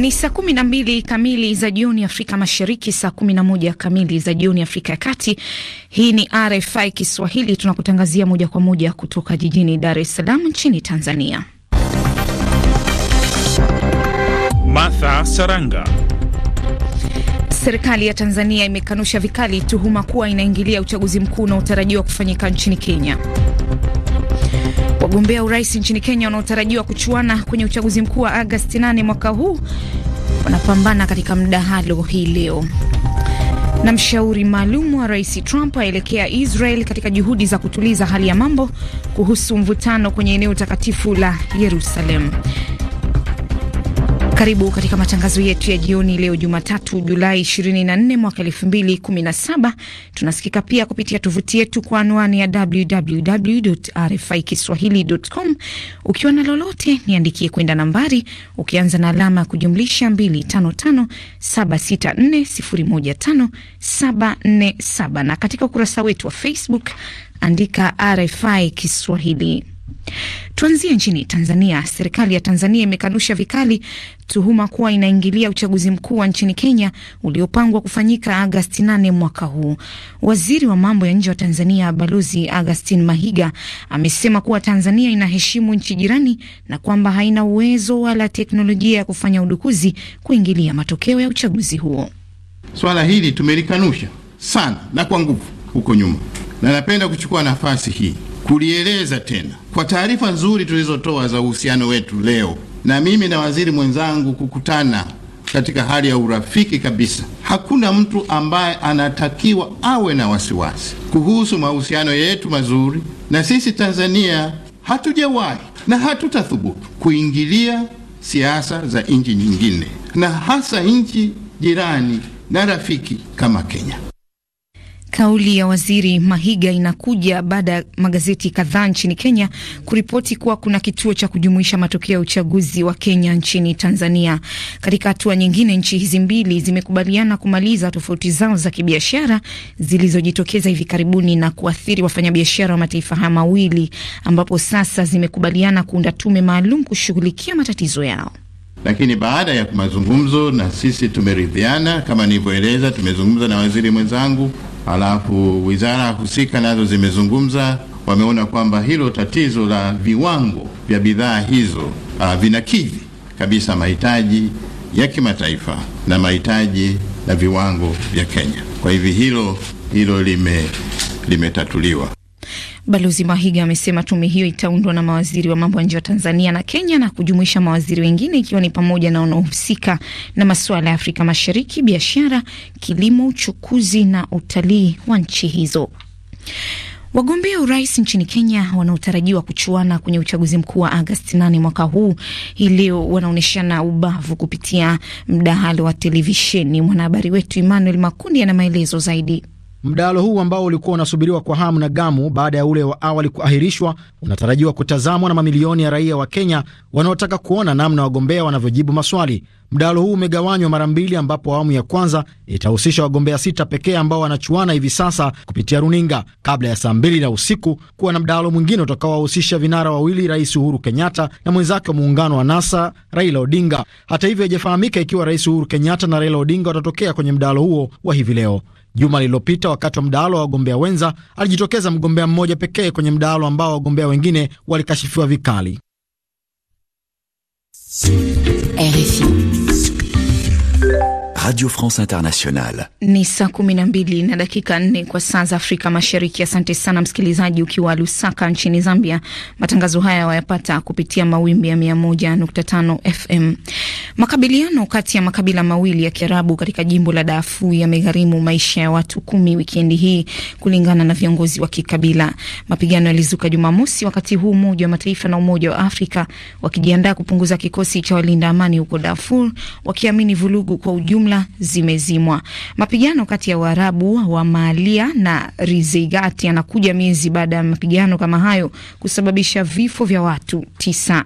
Ni saa kumi na mbili kamili za jioni Afrika Mashariki, saa kumi na moja kamili za jioni Afrika ya Kati. Hii ni RFI Kiswahili, tunakutangazia moja kwa moja kutoka jijini Dar es Salaam nchini Tanzania. Martha Saranga. Serikali ya Tanzania imekanusha vikali tuhuma kuwa inaingilia uchaguzi mkuu unaotarajiwa kufanyika nchini Kenya. Wagombea urais nchini Kenya wanaotarajiwa kuchuana kwenye uchaguzi mkuu wa Agosti 8 mwaka huu wanapambana katika mdahalo hii leo na mshauri maalum wa rais Trump aelekea Israel katika juhudi za kutuliza hali ya mambo kuhusu mvutano kwenye eneo takatifu la Yerusalem. Karibu katika matangazo yetu ya jioni leo Jumatatu, Julai 24 mwaka 2017. Tunasikika pia kupitia tovuti yetu kwa anwani ya www RFI kiswahilicom. Ukiwa na lolote, niandikie kwenda nambari ukianza na alama ya kujumlisha 255764015747, na katika ukurasa wetu wa Facebook andika RFI Kiswahili. Tuanzie nchini Tanzania. Serikali ya Tanzania imekanusha vikali tuhuma kuwa inaingilia uchaguzi mkuu wa nchini Kenya uliopangwa kufanyika Agasti 8 mwaka huu. Waziri wa mambo ya nje wa Tanzania Balozi Agustin Mahiga amesema kuwa Tanzania inaheshimu nchi jirani na kwamba haina uwezo wala teknolojia ya kufanya udukuzi kuingilia matokeo ya uchaguzi huo. Swala hili tumelikanusha sana na kwa nguvu huko nyuma, na napenda kuchukua nafasi hii kulieleza tena kwa taarifa nzuri tulizotoa za uhusiano wetu leo, na mimi na waziri mwenzangu kukutana katika hali ya urafiki kabisa. Hakuna mtu ambaye anatakiwa awe na wasiwasi kuhusu mahusiano yetu mazuri, na sisi Tanzania hatujawahi na hatutathubutu kuingilia siasa za nchi nyingine, na hasa nchi jirani na rafiki kama Kenya. Kauli ya waziri Mahiga inakuja baada ya magazeti kadhaa nchini Kenya kuripoti kuwa kuna kituo cha kujumuisha matokeo ya uchaguzi wa Kenya nchini Tanzania. Katika hatua nyingine, nchi hizi mbili zimekubaliana kumaliza tofauti zao za kibiashara zilizojitokeza hivi karibuni na kuathiri wafanyabiashara wa mataifa haya mawili, ambapo sasa zimekubaliana kuunda tume maalum kushughulikia matatizo yao. Lakini baada ya mazungumzo, na sisi tumeridhiana, kama nilivyoeleza, tumezungumza na waziri mwenzangu, alafu wizara husika nazo zimezungumza, wameona kwamba hilo tatizo la viwango vya bidhaa hizo ah, vinakidhi kabisa mahitaji ya kimataifa na mahitaji na viwango vya Kenya. Kwa hivyo hilo hilo lime limetatuliwa. Balozi Mahiga amesema tume hiyo itaundwa na mawaziri wa mambo ya nje wa Tanzania na Kenya na kujumuisha mawaziri wengine ikiwa ni pamoja na wanaohusika na masuala ya Afrika Mashariki, biashara, kilimo, uchukuzi na utalii wa nchi hizo. Wagombea urais nchini Kenya wanaotarajiwa kuchuana kwenye uchaguzi mkuu wa Agasti 8 mwaka huu hii leo wanaonyeshana ubavu kupitia mdahalo wa televisheni. Mwanahabari wetu Emmanuel Makundi ana maelezo zaidi. Mdahalo huu ambao ulikuwa unasubiriwa kwa hamu na gamu baada ya ule wa awali kuahirishwa, unatarajiwa kutazamwa na mamilioni ya raia wa Kenya wanaotaka kuona namna wagombea wanavyojibu maswali. Mdahalo huu umegawanywa mara mbili, ambapo awamu ya kwanza itahusisha wagombea sita pekee ambao wanachuana hivi sasa kupitia runinga, kabla ya saa mbili na usiku kuwa na mdahalo mwingine utakaowahusisha vinara wawili, Rais Uhuru Kenyatta na mwenzake wa muungano wa NASA Raila Odinga. Hata hivyo, haijafahamika ikiwa Rais Uhuru Kenyatta na Raila Odinga watatokea kwenye mdahalo huo wa hivi leo. Juma lililopita wakati wa mdahalo wa wagombea wenza alijitokeza mgombea mmoja pekee kwenye mdahalo ambao wagombea wengine walikashifiwa vikali. RFI. Radio France Internationale. Ni saa kumi na mbili na dakika nne kwa saa za Afrika Mashariki. Asante sana msikilizaji, ukiwa Lusaka nchini Zambia. Matangazo haya wayapata kupitia mawimbi ya 101.5 FM. Makabiliano kati ya makabila mawili ya Kiarabu katika jimbo la Darfur yamegharimu maisha ya watu kumi wikendi hii, kulingana na viongozi wa kikabila. Mapigano yalizuka Jumamosi, wakati huu Umoja wa Mataifa na Umoja wa Afrika wakijiandaa kupunguza kikosi cha walinda amani huko Darfur, wakiamini vurugu kwa ujumla Angola zimezimwa. Mapigano kati ya Waarabu wa Maalia na Rizeigati yanakuja miezi baada ya mapigano kama hayo kusababisha vifo vya watu tisa.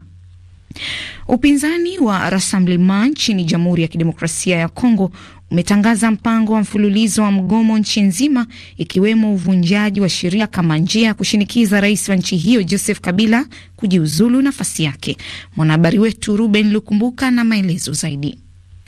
Upinzani wa Rassemblement nchini Jamhuri ya Kidemokrasia ya Kongo umetangaza mpango wa mfululizo wa mgomo nchi nzima ikiwemo uvunjaji wa sheria kama njia ya kushinikiza rais wa nchi hiyo Joseph Kabila kujiuzulu nafasi yake. Mwanahabari wetu Ruben Lukumbuka na maelezo zaidi.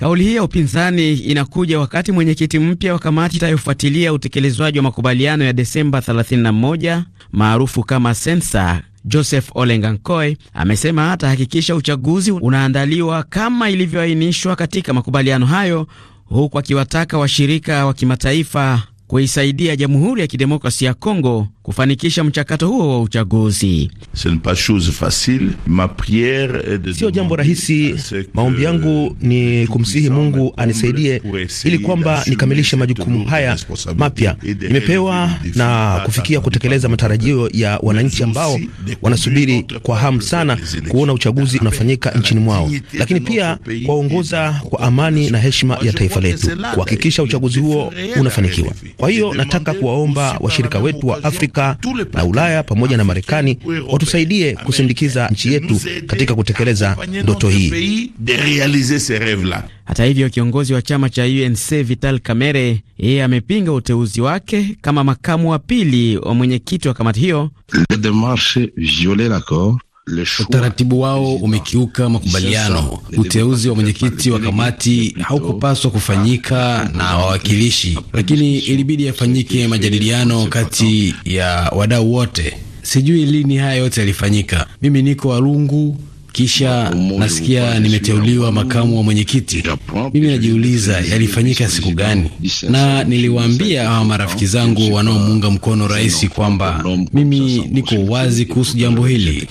Kauli hii ya upinzani inakuja wakati mwenyekiti mpya wa kamati itayofuatilia utekelezwaji wa makubaliano ya Desemba 31 maarufu kama sensa Joseph Olengankoy amesema atahakikisha uchaguzi unaandaliwa kama ilivyoainishwa katika makubaliano hayo, huku akiwataka washirika wa, wa kimataifa kuisaidia Jamhuri ya Kidemokrasia ya Kongo kufanikisha mchakato huo wa uchaguzi. Sio jambo rahisi. Maombi yangu ni kumsihi Mungu anisaidie ili kwamba nikamilishe majukumu haya mapya nimepewa na kufikia kutekeleza matarajio ya wananchi ambao wanasubiri kwa hamu sana kuona uchaguzi unafanyika nchini mwao, lakini pia kuwaongoza kwa amani na heshima ya taifa letu, kuhakikisha uchaguzi huo unafanikiwa. Kwa hiyo nataka kuwaomba washirika wetu wa Afrika na Ulaya pamoja na Marekani watusaidie kusindikiza nchi yetu katika kutekeleza ndoto hii. Hata hivyo, kiongozi wa chama cha UNC Vital Kamerhe yeye amepinga uteuzi wake kama makamu wa pili wa mwenyekiti wa kamati hiyo. Utaratibu wao umekiuka makubaliano. Uteuzi wa mwenyekiti wa kamati haukupaswa kufanyika na wawakilishi, lakini ilibidi yafanyike majadiliano kati ya wadau wote. Sijui lini haya yote yalifanyika. Mimi niko Walungu kisha nasikia nimeteuliwa makamu wa mwenyekiti. Mimi najiuliza yalifanyika siku gani? Na niliwaambia hawa marafiki zangu wanaomuunga mkono rais kwamba mimi niko wazi kuhusu jambo hili.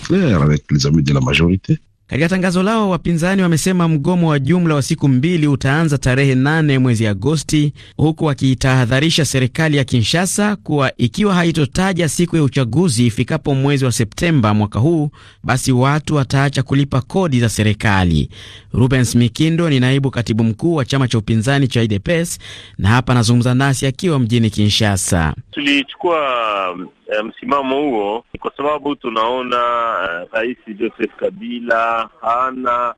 Katika tangazo lao, wapinzani wamesema mgomo wa jumla wa siku mbili utaanza tarehe nane mwezi Agosti, huku wakiitahadharisha serikali ya Kinshasa kuwa ikiwa haitotaja siku ya uchaguzi ifikapo mwezi wa Septemba mwaka huu, basi watu wataacha kulipa kodi za serikali. Rubens Mikindo ni naibu katibu mkuu wa chama cha upinzani cha UDPS na hapa anazungumza nasi akiwa mjini Kinshasa. Tulichukua eh, msimamo huo ni kwa sababu tunaona eh, Rais Joseph Kabila hana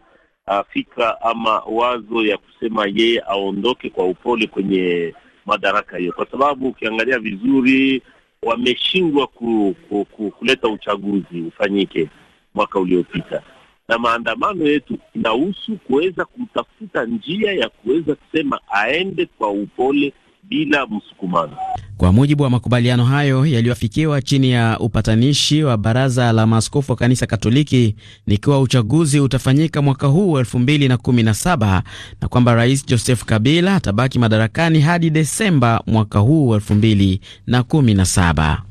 uh, fikra ama wazo ya kusema yeye aondoke kwa upole kwenye madaraka hiyo, kwa sababu ukiangalia vizuri wameshindwa ku, ku, ku, kuleta uchaguzi ufanyike mwaka uliopita, na maandamano yetu inahusu kuweza kutafuta njia ya kuweza kusema aende kwa upole bila msukumano. Kwa mujibu wa makubaliano hayo yaliyoafikiwa chini ya upatanishi wa baraza la maaskofu wa kanisa Katoliki, nikiwa uchaguzi utafanyika mwaka huu elfu mbili na kumi na saba na kwamba Rais Joseph Kabila atabaki madarakani hadi Desemba mwaka huu elfu mbili na kumi na saba.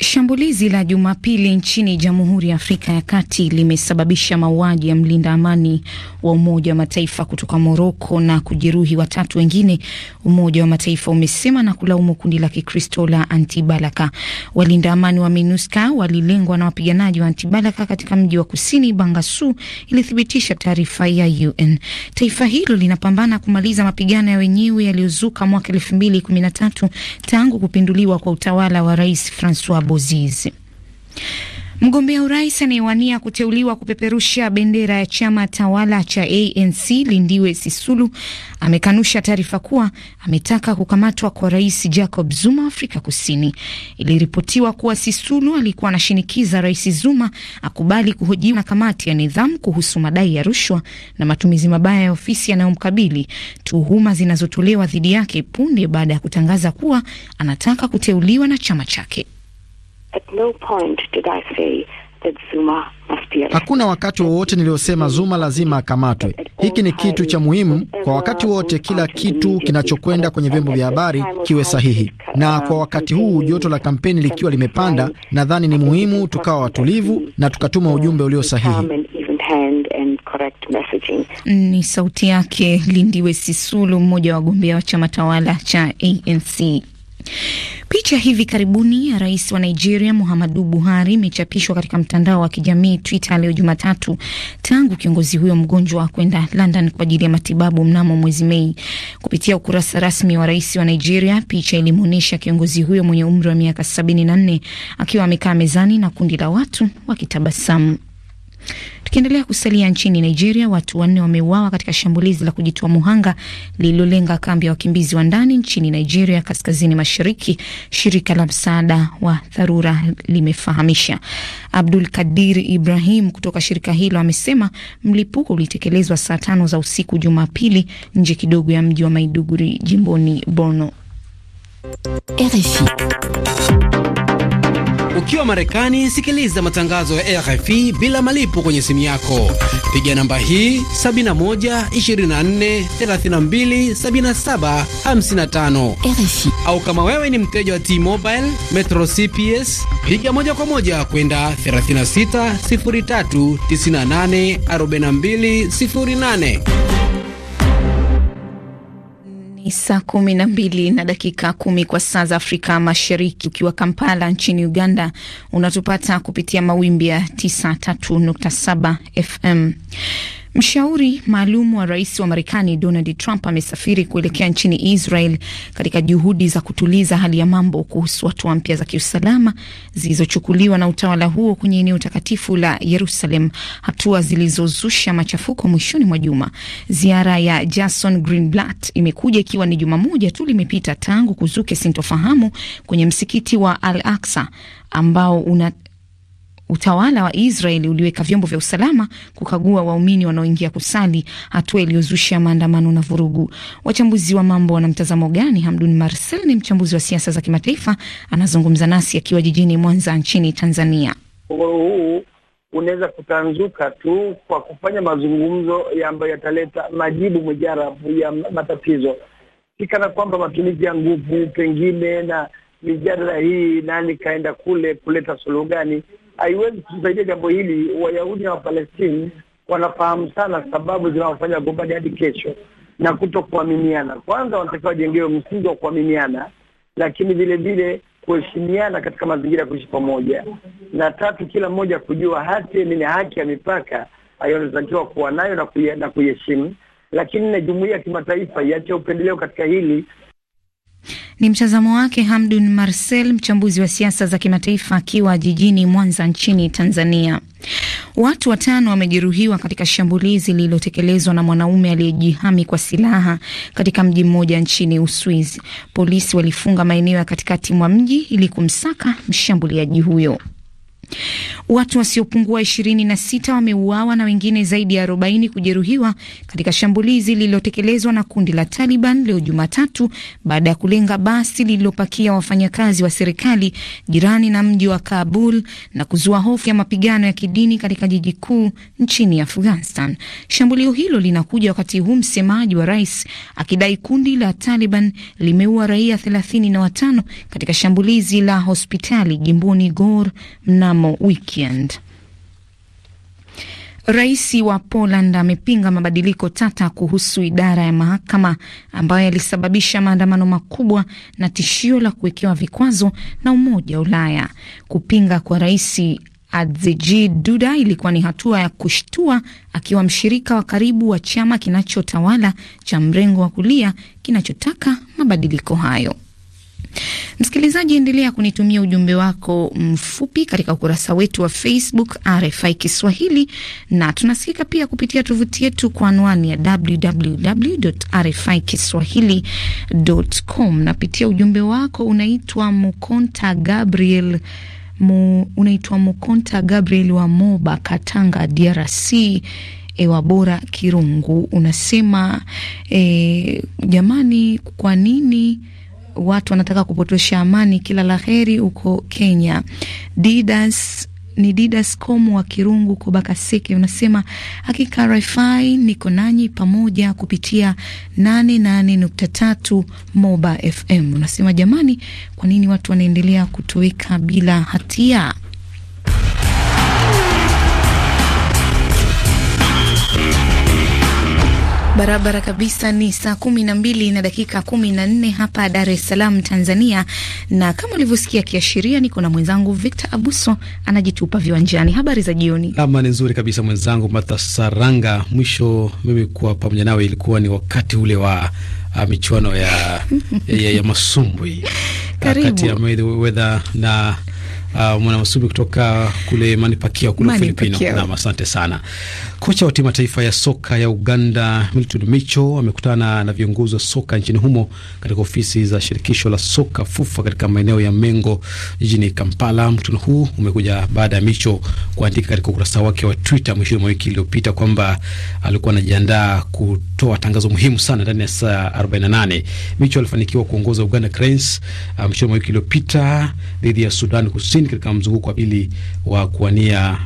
Shambulizi la Jumapili nchini Jamhuri ya Afrika ya Kati limesababisha mauaji ya mlinda amani wa Umoja wa Mataifa kutoka Moroko na kujeruhi watatu wengine, Umoja wa Mataifa umesema na kulaumu kundi la Kikristo la Antibalaka. Walinda amani wa MINUSCA walilengwa na wapiganaji wa Antibalaka katika mji wa kusini Bangasu, ilithibitisha taarifa ya UN. Taifa hilo linapambana kumaliza mapigano ya wenyewe yaliyozuka mwaka elfu mbili kumi na tatu tangu kupinduliwa kwa utawala wa Rais Francois Bozizi. Mgombea urais anayewania kuteuliwa kupeperusha bendera ya chama tawala cha ANC Lindiwe Sisulu amekanusha taarifa kuwa ametaka kukamatwa kwa rais Jacob Zuma Afrika Kusini. Iliripotiwa kuwa Sisulu alikuwa anashinikiza rais Zuma akubali kuhojiwa na kamati ya nidhamu kuhusu madai ya rushwa na matumizi mabaya ya ofisi yanayomkabili, tuhuma zinazotolewa dhidi yake punde baada ya kutangaza kuwa anataka kuteuliwa na chama chake. At no point did I say that Zuma must be hakuna wakati wowote niliyosema Zuma lazima akamatwe. Hiki ni kitu cha muhimu kwa wakati wote, kila kitu kinachokwenda kwenye vyombo vya habari kiwe sahihi, na kwa wakati huu joto la kampeni likiwa limepanda, nadhani ni muhimu tukawa watulivu na tukatuma ujumbe ulio sahihi. Ni sauti yake Lindiwe Sisulu, mmoja wa wagombea wa chama tawala cha ANC. Picha hivi karibuni ya rais wa Nigeria Muhammadu Buhari imechapishwa katika mtandao wa kijamii Twitter leo Jumatatu, tangu kiongozi huyo mgonjwa kwenda London kwa ajili ya matibabu mnamo mwezi Mei. Kupitia ukurasa rasmi wa rais wa Nigeria, picha ilimwonyesha kiongozi huyo mwenye umri wa miaka 74 akiwa amekaa mezani na kundi la watu wakitabasamu. Tukiendelea kusalia nchini Nigeria, watu wanne wameuawa katika shambulizi la kujitoa muhanga lililolenga kambi ya wakimbizi wa ndani nchini Nigeria kaskazini mashariki, shirika la msaada wa dharura limefahamisha. Abdul Kadir Ibrahim kutoka shirika hilo amesema mlipuko ulitekelezwa saa tano za usiku Jumapili nje kidogo ya mji wa Maiduguri jimboni Borno. RFI ukiwa Marekani, sikiliza matangazo ya RFI bila malipo kwenye simu yako. Piga namba hii 7124327755 Au kama wewe ni mteja wa T-Mobile Metro CPS, piga moja kwa moja kwenda 36 03 98 42 08 saa kumi na mbili na dakika kumi kwa saa za Afrika Mashariki. Ukiwa Kampala nchini Uganda, unatupata kupitia mawimbi ya 93.7 FM. Mshauri maalum wa rais wa Marekani Donald Trump amesafiri kuelekea nchini Israel katika juhudi za kutuliza hali ya mambo kuhusu hatua mpya za kiusalama zilizochukuliwa na utawala huo kwenye eneo takatifu la Yerusalem, hatua zilizozusha machafuko mwishoni mwa juma. Ziara ya Jason Greenblatt imekuja ikiwa ni juma moja tu limepita tangu kuzuke sintofahamu kwenye msikiti wa Al Aksa ambao una Utawala wa Israel uliweka vyombo vya usalama kukagua waumini wanaoingia kusali, hatua iliyozusha maandamano na vurugu. Wachambuzi wa mambo wana mtazamo gani? Hamdun Marcel ni mchambuzi wa siasa za kimataifa, anazungumza nasi akiwa jijini Mwanza nchini Tanzania. Mgogoro huu unaweza kutanzuka tu kwa kufanya mazungumzo ambayo yataleta majibu mujarabu ya matatizo, kikana kwamba matumizi ya nguvu pengine na mijadala hii nani kaenda kule kuleta suluhu gani haiwezi kusaidia jambo hili. Wayahudi na Wapalestini wanafahamu sana sababu zinazofanya gombani hadi kesho na kuto kuaminiana. Kwanza wanatakiwa wajengewe msingi wa kuaminiana, lakini vile vile kuheshimiana katika mazingira ya kuishi pamoja, na tatu, kila mmoja kujua hati nini haki ya mipaka anayotakiwa kuwa nayo na kuiheshimu. Lakini na jumuia ya kimataifa iache upendeleo katika hili ni mtazamo wake Hamdun Marcel, mchambuzi wa siasa za kimataifa akiwa jijini Mwanza nchini Tanzania. Watu watano wamejeruhiwa katika shambulizi lililotekelezwa na mwanaume aliyejihami kwa silaha katika mji mmoja nchini Uswizi. Polisi walifunga maeneo ya katikati mwa mji ili kumsaka mshambuliaji huyo. Watu wasiopungua 26 wameuawa na wengine zaidi ya arobaini kujeruhiwa katika shambulizi lililotekelezwa na kundi la Taliban leo Jumatatu baada ya kulenga basi lililopakia wafanyakazi wa serikali jirani na mji wa Kabul na kuzua hofu ya mapigano ya kidini katika jiji kuu nchini Afghanistan. Shambulio hilo linakuja wakati huu msemaji wa rais akidai kundi la Taliban limeua raia watano katika shambulizi la hospitali jimboni Gor mnamo mnamo weekend. Rais wa Poland amepinga mabadiliko tata kuhusu idara ya mahakama ambayo yalisababisha maandamano makubwa na tishio la kuwekewa vikwazo na Umoja wa Ulaya. Kupinga kwa rais Andrzej Duda ilikuwa ni hatua ya kushtua, akiwa mshirika wa karibu wa chama kinachotawala cha mrengo wa kulia kinachotaka mabadiliko hayo. Msikilizaji, endelea kunitumia ujumbe wako mfupi katika ukurasa wetu wa Facebook RFI Kiswahili, na tunasikika pia kupitia tovuti yetu kwa anwani ya www rfi kiswahilicom Napitia ujumbe wako, unaitwa Mukonta Gabriel Mu, unaitwa Mukonta Gabriel wa Moba, Katanga, DRC. Ewa bora Kirungu unasema e, jamani, kwa nini watu wanataka kupotosha amani. Kila laheri huko Kenya. Didas ni Didas Komu wa Kirungu Kobakaseke, unasema hakika RFI niko nanyi pamoja kupitia 88.3 Moba FM. Unasema jamani, kwa nini watu wanaendelea kutoweka bila hatia? Barabara kabisa ni saa kumi na mbili na dakika kumi na nne hapa Dar es Salaam, Tanzania, na kama ulivyosikia kiashiria, niko na mwenzangu Victor Abuso anajitupa viwanjani. Habari za jioni. Ama ni nzuri kabisa mwenzangu Martha Saranga. Mwisho mimi kuwa pamoja nawe ilikuwa ni wakati ule wa uh, michuano ya, ya, ya, masumbwi kati ya Mayweather na uh, mwana masubi kutoka kule Manipakia kule Filipino. Naam, asante sana. Kocha wa timu taifa ya soka ya Uganda Milton Micho amekutana na viongozi wa soka nchini humo katika ofisi za shirikisho la soka FUFA katika maeneo ya Mengo jijini Kampala. Mkutano huu umekuja baada ya Micho kuandika katika ukurasa wake wa Twitter mwishoni mwa wiki iliyopita kwamba alikuwa anajiandaa kutoa tangazo muhimu sana ndani ya saa 48. Micho alifanikiwa kuongoza Uganda Cranes uh, mwishoni mwa wiki iliyopita dhidi ya Sudan Kusini nchini katika mzunguko wa pili wa kuwania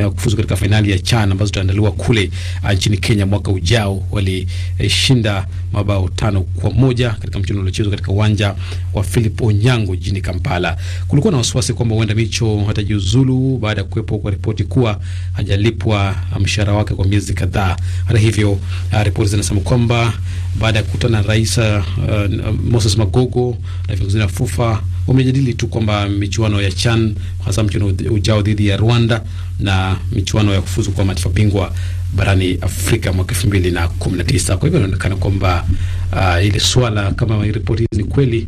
uh, kufuzu katika fainali ya CHAN ambazo zitaandaliwa kule uh, nchini Kenya mwaka ujao. Walishinda mabao tano kwa moja katika mchezo uliochezwa katika uwanja wa Philip Onyango jijini Kampala. Kulikuwa na wasiwasi kwamba huenda Micho hatajiuzulu baada ya kuwepo kwa ripoti kuwa hajalipwa uh, mshahara wake kwa miezi kadhaa. Hata hivyo, uh, ripoti zinasema kwamba baada ya kukutana na rais uh, uh Moses Magogo na viongozi wa FUFA wamejadili tu kwamba michuano ya CHAN hasa mchuano ujao dhidi ya Rwanda na michuano ya kufuzu kwa mataifa bingwa barani Afrika mwaka 2019. Kwa hivyo inaonekana kwamba uh, ile swala kama ripoti hizi ni kweli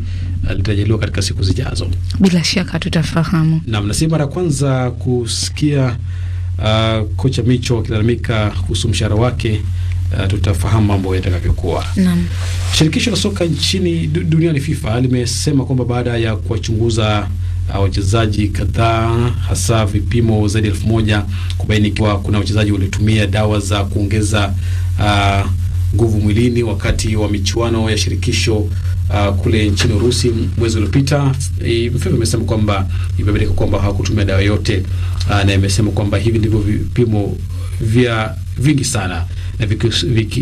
uh, katika siku zijazo, bila shaka tutafahamu. Naam, na si mara ya kwanza kusikia uh, kocha Micho akilalamika kuhusu mshahara wake uh, tutafahamu mambo yatakavyokuwa. Naam. Shirikisho la soka nchini duniani FIFA limesema kwamba baada ya kuwachunguza uh, wachezaji kadhaa hasa vipimo zaidi elfu moja kubaini ikiwa kuna wachezaji waliotumia dawa za kuongeza uh, nguvu mwilini wakati wa michuano ya shirikisho uh, kule nchini Urusi mwezi uliopita. FIFA imesema kwamba imebainika kwamba hawakutumia dawa yote uh, na imesema kwamba hivi ndivyo vipimo vya vingi sana na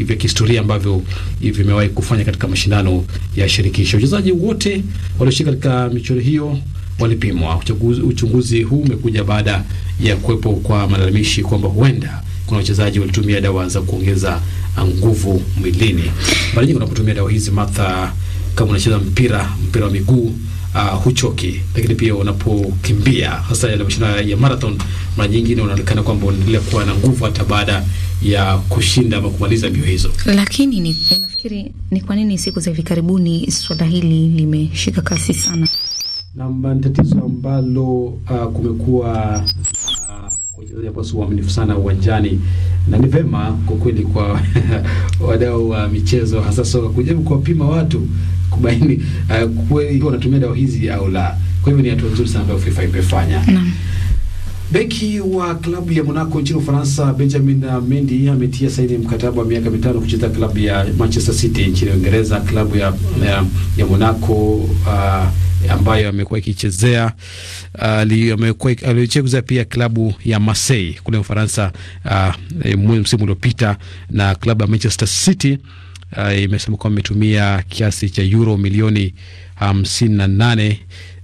vya kihistoria ambavyo vimewahi kufanya katika mashindano ya shirikisho. Wachezaji wote walioshiriki katika michuano hiyo walipimwa. Uchunguzi huu umekuja baada ya kuwepo kwa malalamishi kwamba huenda kuna wachezaji walitumia dawa za kuongeza nguvu mwilini. Mara nyingi unapotumia dawa hizi, Martha, kama unacheza mpira mpira wa miguu uh, huchoki, lakini pia unapokimbia hasa yale mashindano ya marathon, mara nyingi unaonekana kwamba unaendelea kuwa na nguvu hata baada ya kushinda ama kumaliza mbio hizo. Lakini ni unafikiri ni kwa nini siku za hivi karibuni swala hili limeshika kasi sana? Na tatizo ambalo uh, kumekuwa ah, wachezaji waaminifu sana uwanjani, na ni vema kwa kweli kwa wadau wa michezo hasa soka kujaribu kuwapima watu kubaini uh, kweli wanatumia dawa hizi au la. Kwa hivyo ni hatua nzuri sana ambayo FIFA imefanya. Naam. Beki wa klabu ya Monaco nchini Ufaransa Benjamin Mendy ametia saini mkataba wa miaka mitano kucheza klabu ya Manchester City nchini Uingereza. Klabu ya, ya, ya Monaco uh, ambayo amekuwa ikichezea uh, aliocheza pia klabu ya Marseille kule Ufaransa uh, msimu uliopita na klabu ya Manchester City uh, imesema kwamba imetumia kiasi cha euro milioni hamsini um, na nane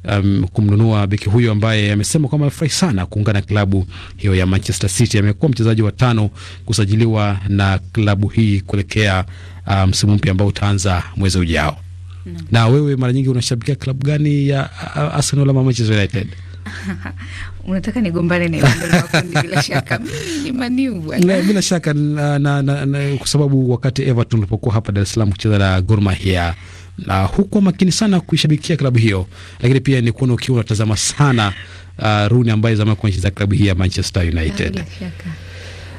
um, kumnunua beki huyo ambaye amesema kwamba amefurahi sana kuungana klabu hiyo ya Manchester City. Amekuwa mchezaji wa tano kusajiliwa na klabu hii kuelekea eh, msimu um, mpya ambao utaanza mwezi ujao. Na wewe mara nyingi unashabikia klabu gani ya eh, Arsenal ama Manchester United? unataka nigombane na bila shaka bila shaka na, na, na, kwa sababu wakati Everton ulipokuwa hapa Dar es Salaam kucheza na Gor Mahia na huko makini sana kuishabikia klabu hiyo, lakini pia ni kuona ukiwa unatazama sana uh, Rooney ambaye zamani kucheza klabu hii ya Manchester United na,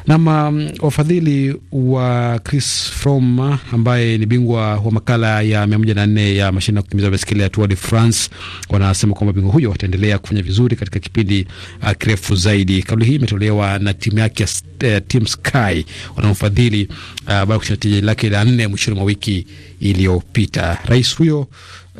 nam mm, wafadhili wa Chris Froome ambaye ni bingwa wa makala ya 104 ya mashindano ya kukimbiza baiskeli ya Tour de France wanasema kwamba bingwa huyo wataendelea kufanya vizuri katika kipindi uh, kirefu zaidi. Kauli hii imetolewa na timu yake ya uh, Team Sky wanaomfadhili uh, baada ya kushinda taji lake la nne mwishoni mwa wiki iliyopita. Rais huyo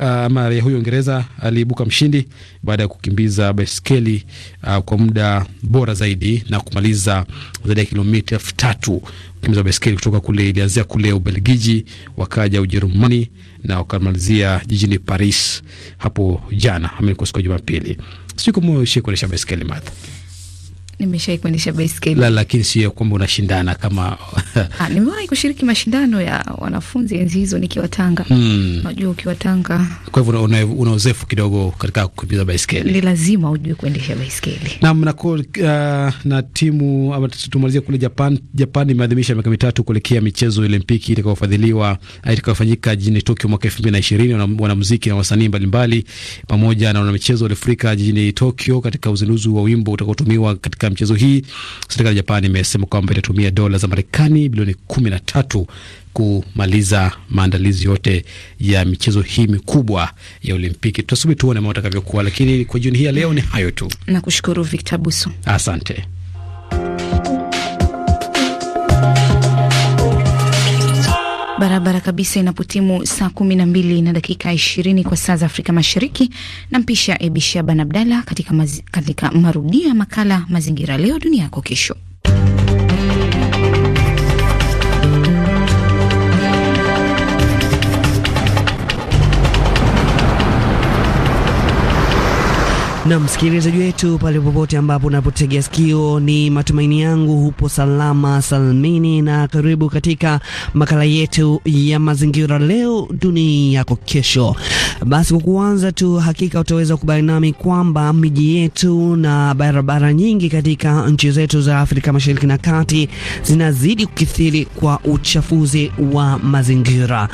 Ah, ama raia huyo Uingereza aliibuka mshindi baada ya kukimbiza baiskeli uh, kwa muda bora zaidi na kumaliza zaidi ya kilomita elfu tatu kukimbiza baiskeli kutoka kule, ilianzia kule Ubelgiji, wakaja Ujerumani na wakamalizia jijini Paris hapo jana, ama ilikuwa siku ya Jumapili. Sijui kama ushawahi kuendesha baiskeli Martha? Nimeshawahi kuendesha baiskeli la, lakini sio kwamba unashindana kama ah, nimewahi kushiriki mashindano ya wanafunzi enzi hizo nikiwa Tanga. Unajua hmm. mm. ukiwa Tanga, kwa hivyo una, una uzoefu kidogo katika kukimbiza baiskeli, ni lazima ujue kuendesha baiskeli na na, uh, na timu ama tumalizia kule Japan. Japan imeadhimisha miaka mitatu kuelekea michezo Olimpiki itakayofadhiliwa uh, itakayofanyika jijini Tokyo mwaka elfu mbili na ishirini. Wanamuziki na wasanii mbalimbali pamoja na wanamichezo walifurika jijini Tokyo katika uzinduzi wa wimbo utakaotumiwa katika ya mchezo hii, serikali ya Japani imesema kwamba itatumia dola za Marekani bilioni kumi na tatu kumaliza maandalizi yote ya michezo hii mikubwa ya Olimpiki. Tutasubiri tuone mambo atakavyokuwa, lakini kwa jioni hii ya leo ni hayo tu. Nakushukuru Victor Buso, asante. Barabara kabisa inapotimu saa kumi na mbili na dakika ishirini kwa saa za Afrika Mashariki, na mpisha Ebi Shaban Abdalla katika, katika marudio ya makala Mazingira Leo Dunia Yako Kesho. Na msikilizaji wetu pale popote ambapo unapotegea sikio, ni matumaini yangu hupo salama salmini, na karibu katika makala yetu ya mazingira, leo dunia yako kesho. Basi kwa kuanza tu, hakika utaweza kubali nami kwamba miji yetu na barabara nyingi katika nchi zetu za Afrika Mashariki na Kati zinazidi kukithiri kwa uchafuzi wa mazingira,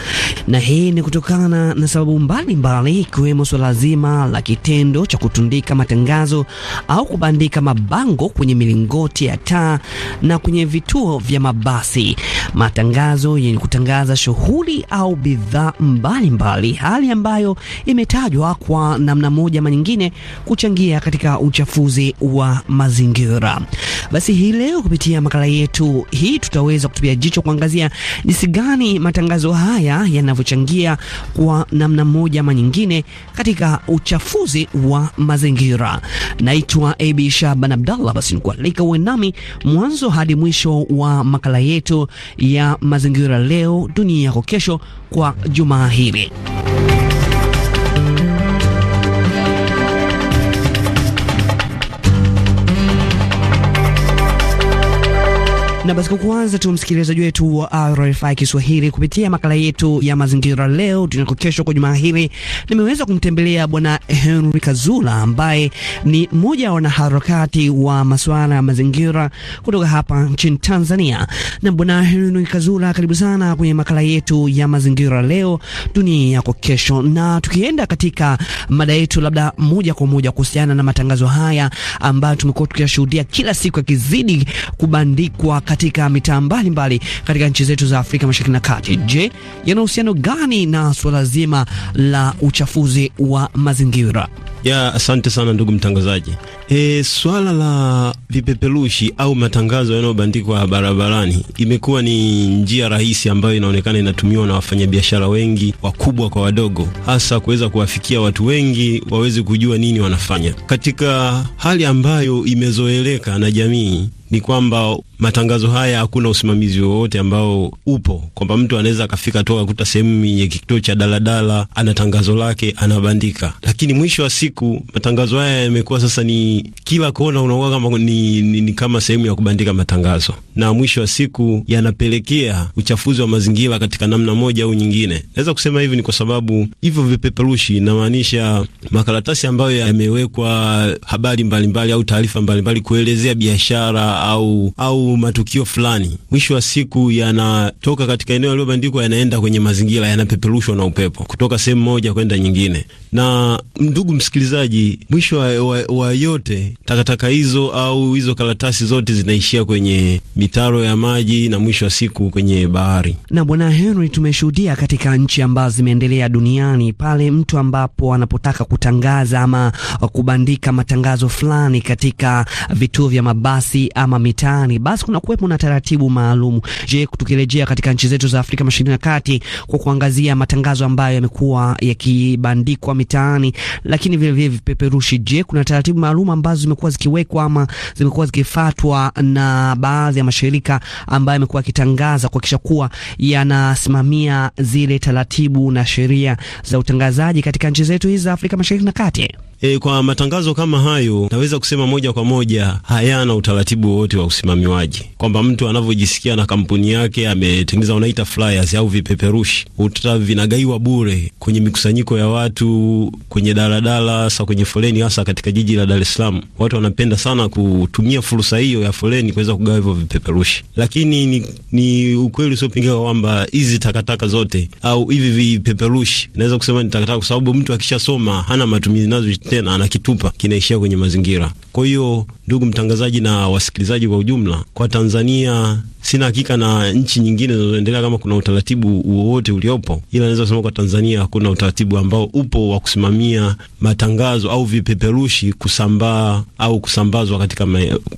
na hii ni kutokana na sababu mbalimbali, ikiwemo mbali, suala zima la kitendo cha kutundika matangazo au kubandika mabango kwenye milingoti ya taa na kwenye vituo vya mabasi, matangazo yenye kutangaza shughuli au bidhaa mbalimbali, hali ambayo imetajwa kwa namna moja ama nyingine kuchangia katika uchafuzi wa mazingira. Basi hii leo kupitia makala yetu hii tutaweza kutupia jicho kuangazia jinsi gani matangazo haya yanavyochangia kwa namna moja ama nyingine katika uchafuzi wa mazingira. Naitwa Abi Shaban Abdallah. Basi nikualika uwe nami mwanzo hadi mwisho wa makala yetu ya mazingira leo dunia yako kesho kwa jumaa hili. Na basi kwa kuanza tu, msikilizaji wetu wa RFI Kiswahili, kupitia makala yetu ya mazingira leo kesho kwa jumaa hili, nimeweza kumtembelea Bwana Henry Kazula ambaye ni mmoja wa wanaharakati wa masuala ya mazingira kutoka hapa nchini Tanzania. Na Bwana Henry Kazula, karibu sana kwenye makala yetu ya mazingira leo, dunia yako kesho. Na tukienda katika mada yetu, labda moja kwa moja kuhusiana na matangazo haya ambayo tumekuwa tukiyashuhudia kila siku yakizidi kubandikwa katika mitaa mbalimbali katika nchi zetu za Afrika Mashariki na Kati. Je, yana uhusiano gani na suala zima la uchafuzi wa mazingira? Ya, asante sana ndugu mtangazaji. E, swala la vipeperushi au matangazo yanayobandikwa barabarani imekuwa ni njia rahisi ambayo inaonekana inatumiwa na wafanyabiashara wengi wakubwa kwa wadogo, hasa kuweza kuwafikia watu wengi waweze kujua nini wanafanya katika hali ambayo imezoeleka na jamii ni kwamba matangazo haya hakuna usimamizi wowote ambao upo kwamba mtu anaweza akafika tu akakuta sehemu yenye kituo cha daladala ana tangazo lake anabandika. Lakini mwisho wa siku matangazo haya yamekuwa sasa ni kila kona unakuwa kama ni, ni, ni kama sehemu ya kubandika matangazo, na mwisho wa siku yanapelekea uchafuzi wa mazingira katika namna moja au nyingine. Naweza kusema hivi ni kwa sababu hivyo vipeperushi, inamaanisha makaratasi ambayo yamewekwa habari mbalimbali au taarifa mbalimbali kuelezea biashara au au matukio fulani, mwisho wa siku yanatoka katika eneo yaliyobandikwa, yanaenda kwenye mazingira, yanapeperushwa na upepo kutoka sehemu moja kwenda nyingine. Na ndugu msikilizaji, mwisho wa, wa, wa yote takataka hizo au hizo karatasi zote zinaishia kwenye mitaro ya maji na mwisho wa siku kwenye bahari. Na Bwana Henry, tumeshuhudia katika nchi ambazo zimeendelea duniani pale mtu ambapo anapotaka kutangaza ama kubandika matangazo fulani katika vituo vya mabasi ama mitaani, basi kuna kuwepo na taratibu maalum. Je, tukirejea katika nchi zetu za Afrika Mashariki na Kati kwa kuangazia matangazo ambayo yamekuwa yakibandikwa mitaani, lakini vile vile vipeperushi. Je, kuna taratibu maalum ambazo zimekuwa zikiwekwa ama zimekuwa zikifuatwa na baadhi ya mashirika ambayo yamekuwa yakitangaza kuhakikisha kuwa yanasimamia zile taratibu na sheria za utangazaji katika nchi zetu hizi za Afrika Mashariki na Kati? E, kwa matangazo kama hayo naweza kusema moja kwa moja hayana utaratibu wowote wa usimamiwaji, kwamba mtu anavyojisikia na kampuni yake ametengeneza, unaita flyers au vipeperushi, uta vinagaiwa bure kwenye mikusanyiko ya watu kwenye daladala, hasa kwenye foleni, hasa katika jiji la Dar es Salaam, watu wanapenda sana kutumia fursa hiyo ya foleni kuweza kugawa hivyo vipeperushi. Lakini ni, ni ukweli usiopingika kwamba hizi takataka zote au hivi vipeperushi naweza kusema ni takataka, kwa sababu mtu akishasoma hana matumizi nazo tena, anakitupa, kinaishia kwenye mazingira. Kwa hiyo ndugu mtangazaji na wasikilizaji kwa ujumla, kwa Tanzania sina hakika na nchi nyingine zinazoendelea kama kuna utaratibu wowote uliopo, ila naweza kusema kwa Tanzania hakuna utaratibu ambao upo wa kusimamia matangazo au vipeperushi kusambaa au kusambazwa katika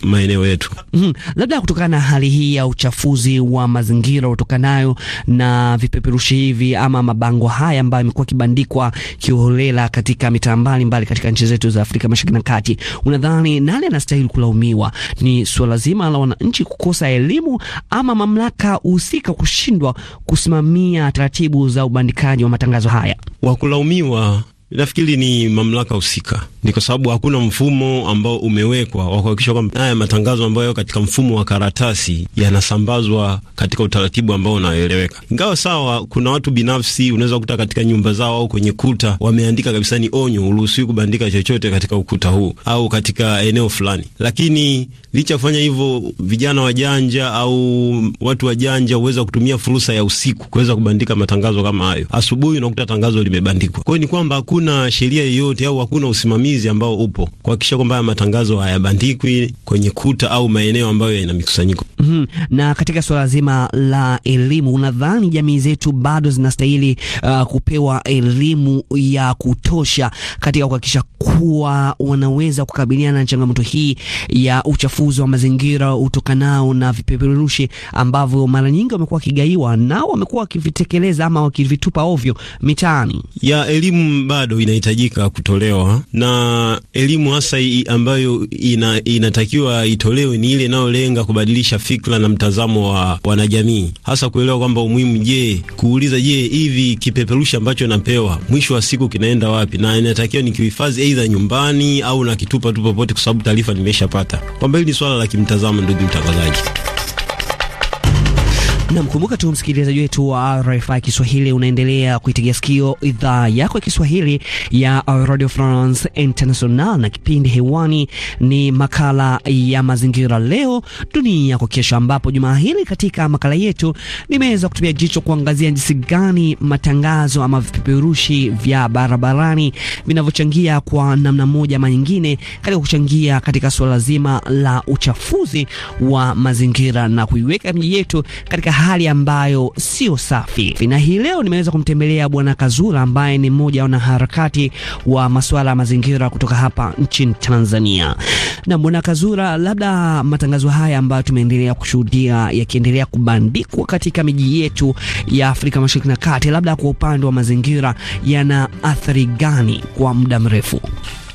maeneo yetu. Mm -hmm. Labda kutokana na hali hii ya uchafuzi wa mazingira utokanayo na vipeperushi hivi ama mabango haya ambayo yamekuwa kibandikwa kiholela katika mitaa mbalimbali katika nchi zetu za Afrika Mashariki na Kati, unadhani nani anastahili wanastahili kulaumiwa? Ni suala zima la wananchi kukosa elimu ama mamlaka husika kushindwa kusimamia taratibu za ubandikaji wa matangazo haya? wa kulaumiwa nafikiri ni mamlaka husika ni kwa sababu hakuna mfumo ambao umewekwa wa kuhakikisha kwamba haya matangazo ambayo katika mfumo wa karatasi yanasambazwa katika utaratibu ambao unaeleweka. Ingawa sawa, kuna watu binafsi unaweza kukuta katika nyumba zao au kwenye kuta wameandika kabisa, ni onyo, huruhusiwi kubandika chochote katika ukuta huu au katika eneo fulani, lakini licha ya kufanya hivyo, vijana wajanja au watu wajanja huweza kutumia fursa ya usiku kuweza kubandika matangazo kama hayo. Asubuhi unakuta tangazo limebandikwa. Kwa hiyo ni kwamba hakuna sheria yoyote au hakuna usimamizi usimamizi ambao upo kuhakikisha kwamba haya matangazo hayabandikwi kwenye kuta au maeneo ambayo yana mikusanyiko. Mm -hmm. Na katika suala zima la elimu, unadhani jamii zetu bado zinastahili uh, kupewa elimu ya kutosha katika kuhakikisha kuwa wanaweza kukabiliana na changamoto hii ya uchafuzi wa mazingira utokanao na vipeperushi ambavyo mara nyingi wamekuwa wakigaiwa nao wamekuwa wakivitekeleza ama wakivitupa ovyo mitaani? Ya elimu bado inahitajika kutolewa na elimu hasa ambayo ina, inatakiwa itolewe ni ile inayolenga kubadilisha fikra na mtazamo wa wanajamii, hasa kuelewa kwamba umuhimu, je, kuuliza, je, hivi kipeperushi ambacho napewa mwisho wa siku kinaenda wapi, na inatakiwa nikihifadhi aidha nyumbani au nakitupa tu popote, kwa sababu taarifa nimeshapata, kwamba hili ni swala la kimtazamo, ndugu mtangazaji. Namkumbuka tu msikilizaji wetu wa RFI Kiswahili, unaendelea kuitegea sikio idhaa yako ya Kiswahili ya Radio France International, na kipindi hewani ni makala ya mazingira, leo dunia kwa kesho, ambapo jumaa hili katika makala yetu nimeweza kutumia jicho kuangazia jinsi gani matangazo ama vipeperushi vya barabarani vinavyochangia kwa namna moja ama nyingine katika kuchangia katika suala zima la uchafuzi wa mazingira na kuiweka mji yetu katika hali ambayo sio safi. Na hii leo nimeweza kumtembelea Bwana Kazura ambaye ni mmoja wa wanaharakati wa masuala ya mazingira kutoka hapa nchini Tanzania. Na Bwana Kazura, labda matangazo haya ambayo tumeendelea kushuhudia yakiendelea kubandikwa katika miji yetu ya Afrika Mashariki na Kati, labda kwa upande wa mazingira yana athari gani kwa muda mrefu?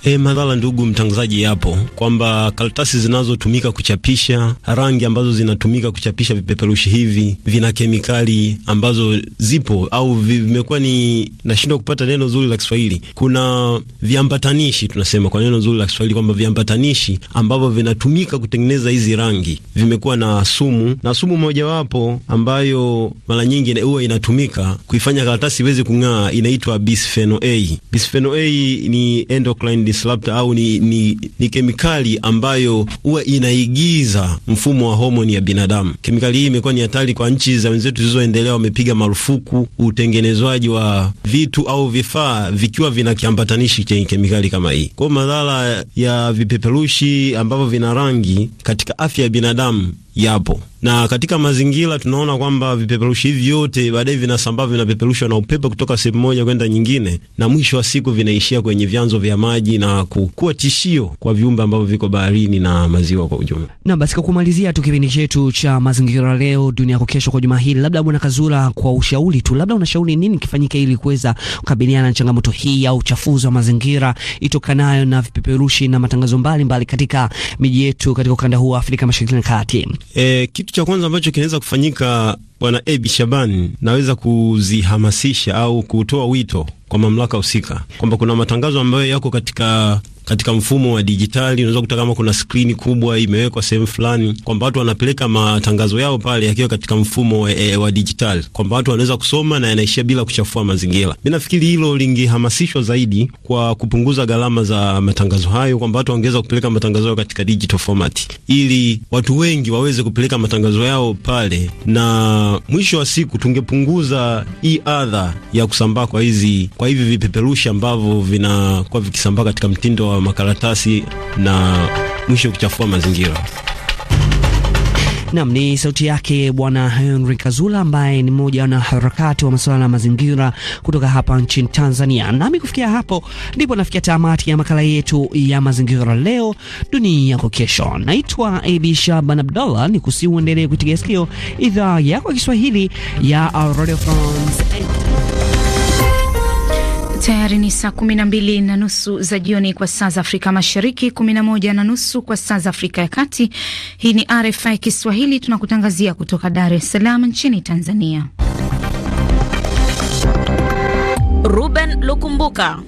E, madhara ndugu mtangazaji, yapo kwamba karatasi zinazotumika kuchapisha, rangi ambazo zinatumika kuchapisha vipeperushi hivi vina kemikali ambazo zipo au vimekuwa ni, nashindwa kupata neno zuri la Kiswahili, kuna viambatanishi, tunasema kwa neno zuri la Kiswahili kwamba viambatanishi ambavyo vinatumika kutengeneza hizi rangi vimekuwa na sumu, na sumu mojawapo ambayo mara nyingi huwa inatumika kuifanya karatasi iweze kung'aa inaitwa bisphenol A. Bisphenol A ni endocrine disruptor au ni, ni, ni kemikali ambayo huwa inaigiza mfumo wa homoni ya binadamu. Kemikali hii imekuwa ni hatari kwa nchi za wenzetu zilizoendelea, wamepiga marufuku utengenezwaji wa vitu au vifaa vikiwa vina kiambatanishi chenye kemikali kama hii. Kwa madhara ya vipeperushi ambavyo vina rangi katika afya ya binadamu yapo na katika mazingira tunaona kwamba vipeperushi hivi vyote baadaye vinasambaa, vinapeperushwa na upepo kutoka sehemu moja kwenda nyingine, na mwisho wa siku vinaishia kwenye vyanzo vya maji na kuwa tishio kwa viumbe ambavyo viko baharini na maziwa kwa ujumla. Na basi kwa kumalizia tu kipindi chetu cha mazingira leo dunia yako kesho kwa juma hili, labda Bwana Kazura, kwa ushauri tu, labda unashauri nini kifanyike ili kuweza kukabiliana na changamoto hii ya uchafuzi wa mazingira itokanayo na vipeperushi na matangazo mbalimbali mbali katika miji yetu katika ukanda huu wa Afrika Mashariki na Kati? eh, kitu cha kwanza ambacho kinaweza kufanyika Bwana Ebi Shaban, naweza kuzihamasisha au kutoa wito kwa mamlaka husika kwamba kuna matangazo ambayo yako katika katika mfumo wa dijitali, unaweza kuta kama kuna skrini kubwa imewekwa sehemu fulani, kwamba watu wanapeleka matangazo yao pale yakiwa katika mfumo e, wa eh, dijitali, kwamba watu wanaweza kusoma na yanaishia bila kuchafua mazingira. Mi nafikiri hilo lingehamasishwa zaidi kwa kupunguza gharama za matangazo hayo, kwamba watu wangeweza kupeleka matangazo yao katika digital format, ili watu wengi waweze kupeleka matangazo yao pale na mwisho wa siku tungepunguza hii adha ya kusambaa kwa hizi kwa hivi vipeperushi ambavyo vinakuwa vikisambaa katika mtindo wa makaratasi na mwisho kuchafua mazingira. Nam ni sauti yake Bwana Henry Kazula ambaye ni mmoja wa wanaharakati wa masuala ya mazingira kutoka hapa nchini Tanzania. Nami kufikia hapo ndipo nafikia tamati ya makala yetu ya mazingira leo dunia yako kesho. Naitwa Abi Shaban Abdallah, ni uendelee kutegea sikio idhaa yako ya Kiswahili ya Radio France Tayari ni saa kumi na mbili na nusu za jioni kwa saa za Afrika Mashariki, kumi na moja na nusu kwa saa za Afrika ya Kati. Hii ni RFI Kiswahili, tunakutangazia kutoka Dar es Salaam nchini Tanzania. Ruben Lukumbuka.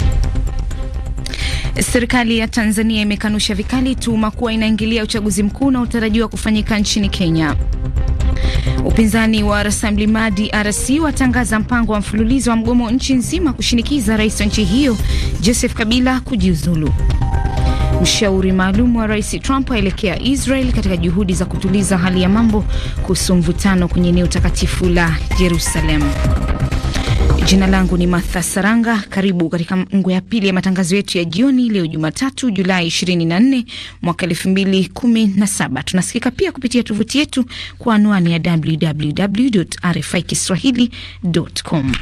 Serikali ya Tanzania imekanusha vikali tuhuma kuwa inaingilia uchaguzi mkuu unaotarajiwa kufanyika nchini Kenya. Upinzani wa Rassemblement DRC watangaza mpango wa mfululizo wa mgomo nchi nzima kushinikiza rais wa nchi hiyo Joseph Kabila kujiuzulu. Mshauri maalum wa rais Trump aelekea Israel katika juhudi za kutuliza hali ya mambo kuhusu mvutano kwenye eneo takatifu la jerusalemu Jina langu ni Martha Saranga. Karibu katika ngo ya pili ya matangazo yetu ya jioni leo Jumatatu, Julai 24 mwaka 2017. Tunasikika pia kupitia tovuti yetu kwa anwani ya www rfi kiswahili.com.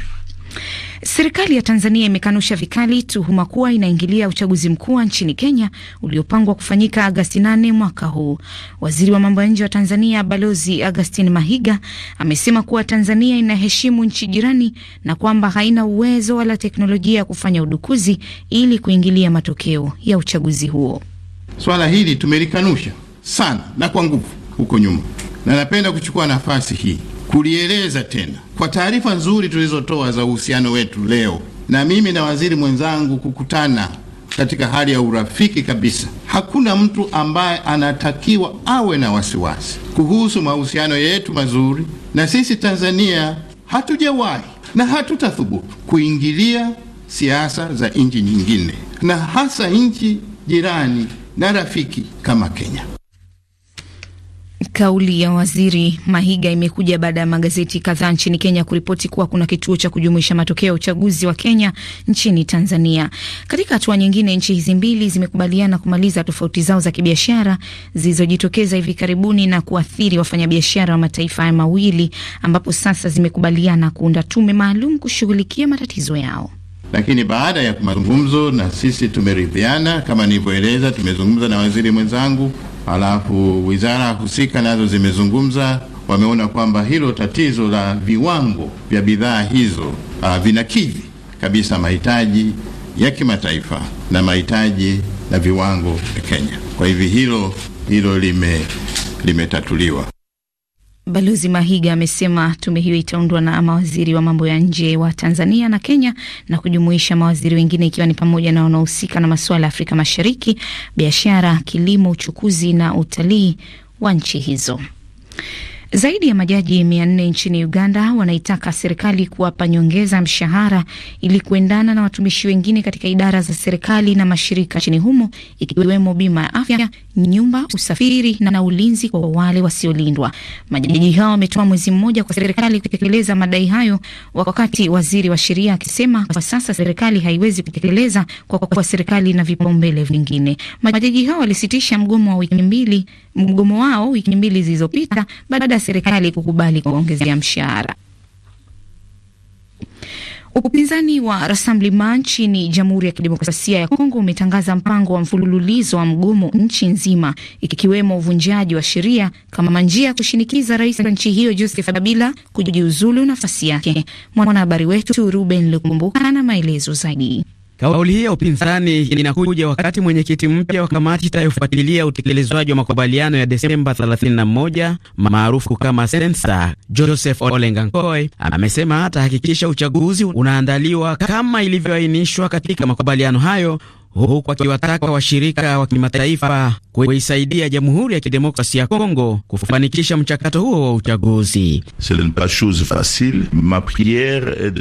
Serikali ya Tanzania imekanusha vikali tuhuma kuwa inaingilia uchaguzi mkuu wa nchini Kenya uliopangwa kufanyika Agasti 8 mwaka huu. Waziri wa mambo ya nje wa Tanzania Balozi Agustin Mahiga amesema kuwa Tanzania inaheshimu nchi jirani na kwamba haina uwezo wala teknolojia ya kufanya udukuzi ili kuingilia matokeo ya uchaguzi huo. Swala hili tumelikanusha sana na kwa nguvu huko nyuma, na napenda kuchukua nafasi hii kulieleza tena kwa taarifa nzuri tulizotoa za uhusiano wetu leo, na mimi na waziri mwenzangu kukutana katika hali ya urafiki kabisa. Hakuna mtu ambaye anatakiwa awe na wasiwasi kuhusu mahusiano yetu mazuri, na sisi Tanzania hatujawahi na hatutathubutu kuingilia siasa za nchi nyingine, na hasa nchi jirani na rafiki kama Kenya. Kauli ya waziri Mahiga imekuja baada ya magazeti kadhaa nchini Kenya kuripoti kuwa kuna kituo cha kujumuisha matokeo ya uchaguzi wa Kenya nchini Tanzania. Katika hatua nyingine, nchi hizi mbili zimekubaliana kumaliza tofauti zao za kibiashara zilizojitokeza hivi karibuni na kuathiri wafanyabiashara wa mataifa haya mawili, ambapo sasa zimekubaliana kuunda tume maalum kushughulikia matatizo yao lakini baada ya mazungumzo na sisi tumeridhiana, kama nilivyoeleza, tumezungumza na waziri mwenzangu, alafu wizara husika nazo zimezungumza, wameona kwamba hilo tatizo la viwango vya bidhaa hizo uh, vinakidhi kabisa mahitaji ya kimataifa na mahitaji na viwango vya Kenya. Kwa hivyo hilo hilo lime limetatuliwa. Balozi Mahiga amesema tume hiyo itaundwa na mawaziri wa mambo ya nje wa Tanzania na Kenya na kujumuisha mawaziri wengine ikiwa ni pamoja na wanaohusika na masuala ya Afrika Mashariki, biashara, kilimo, uchukuzi na utalii wa nchi hizo. Zaidi ya majaji mia nne nchini Uganda wanaitaka serikali kuwapa nyongeza mshahara ili kuendana na watumishi wengine katika idara za serikali na mashirika nchini humo, ikiwemo bima ya afya, nyumba, usafiri na, na ulinzi kwa wale wasiolindwa. Majaji hao wametoa mwezi mmoja kwa serikali kutekeleza madai hayo, wakati waziri wa sheria akisema kwa sasa serikali haiwezi kutekeleza kwa kuwa serikali na vipaumbele vingine. Majaji hao walisitisha mgomo wa wiki mbili mgomo wao wiki mbili zilizopita baada ya serikali kukubali kuongezea mshahara. Upinzani wa Rassemblement nchini Jamhuri ya Kidemokrasia ya Kongo umetangaza mpango wa mfululizo wa mgomo nchi nzima, ikiwemo uvunjaji wa sheria kama njia ya kushinikiza rais wa nchi hiyo Joseph Kabila kujiuzulu nafasi yake. Mwanahabari wetu Ruben Lukumbuka na maelezo zaidi. Kauli ya upinzani inakuja wakati mwenyekiti mpya wa kamati itayofuatilia utekelezwaji wa makubaliano ya Desemba 31 maarufu kama sensa, Joseph Olengankoy amesema atahakikisha uchaguzi unaandaliwa kama ilivyoainishwa katika makubaliano hayo huku akiwataka washirika wa kimataifa kuisaidia Jamhuri ya Kidemokrasia ya Kongo kufanikisha mchakato huo wa uchaguzi.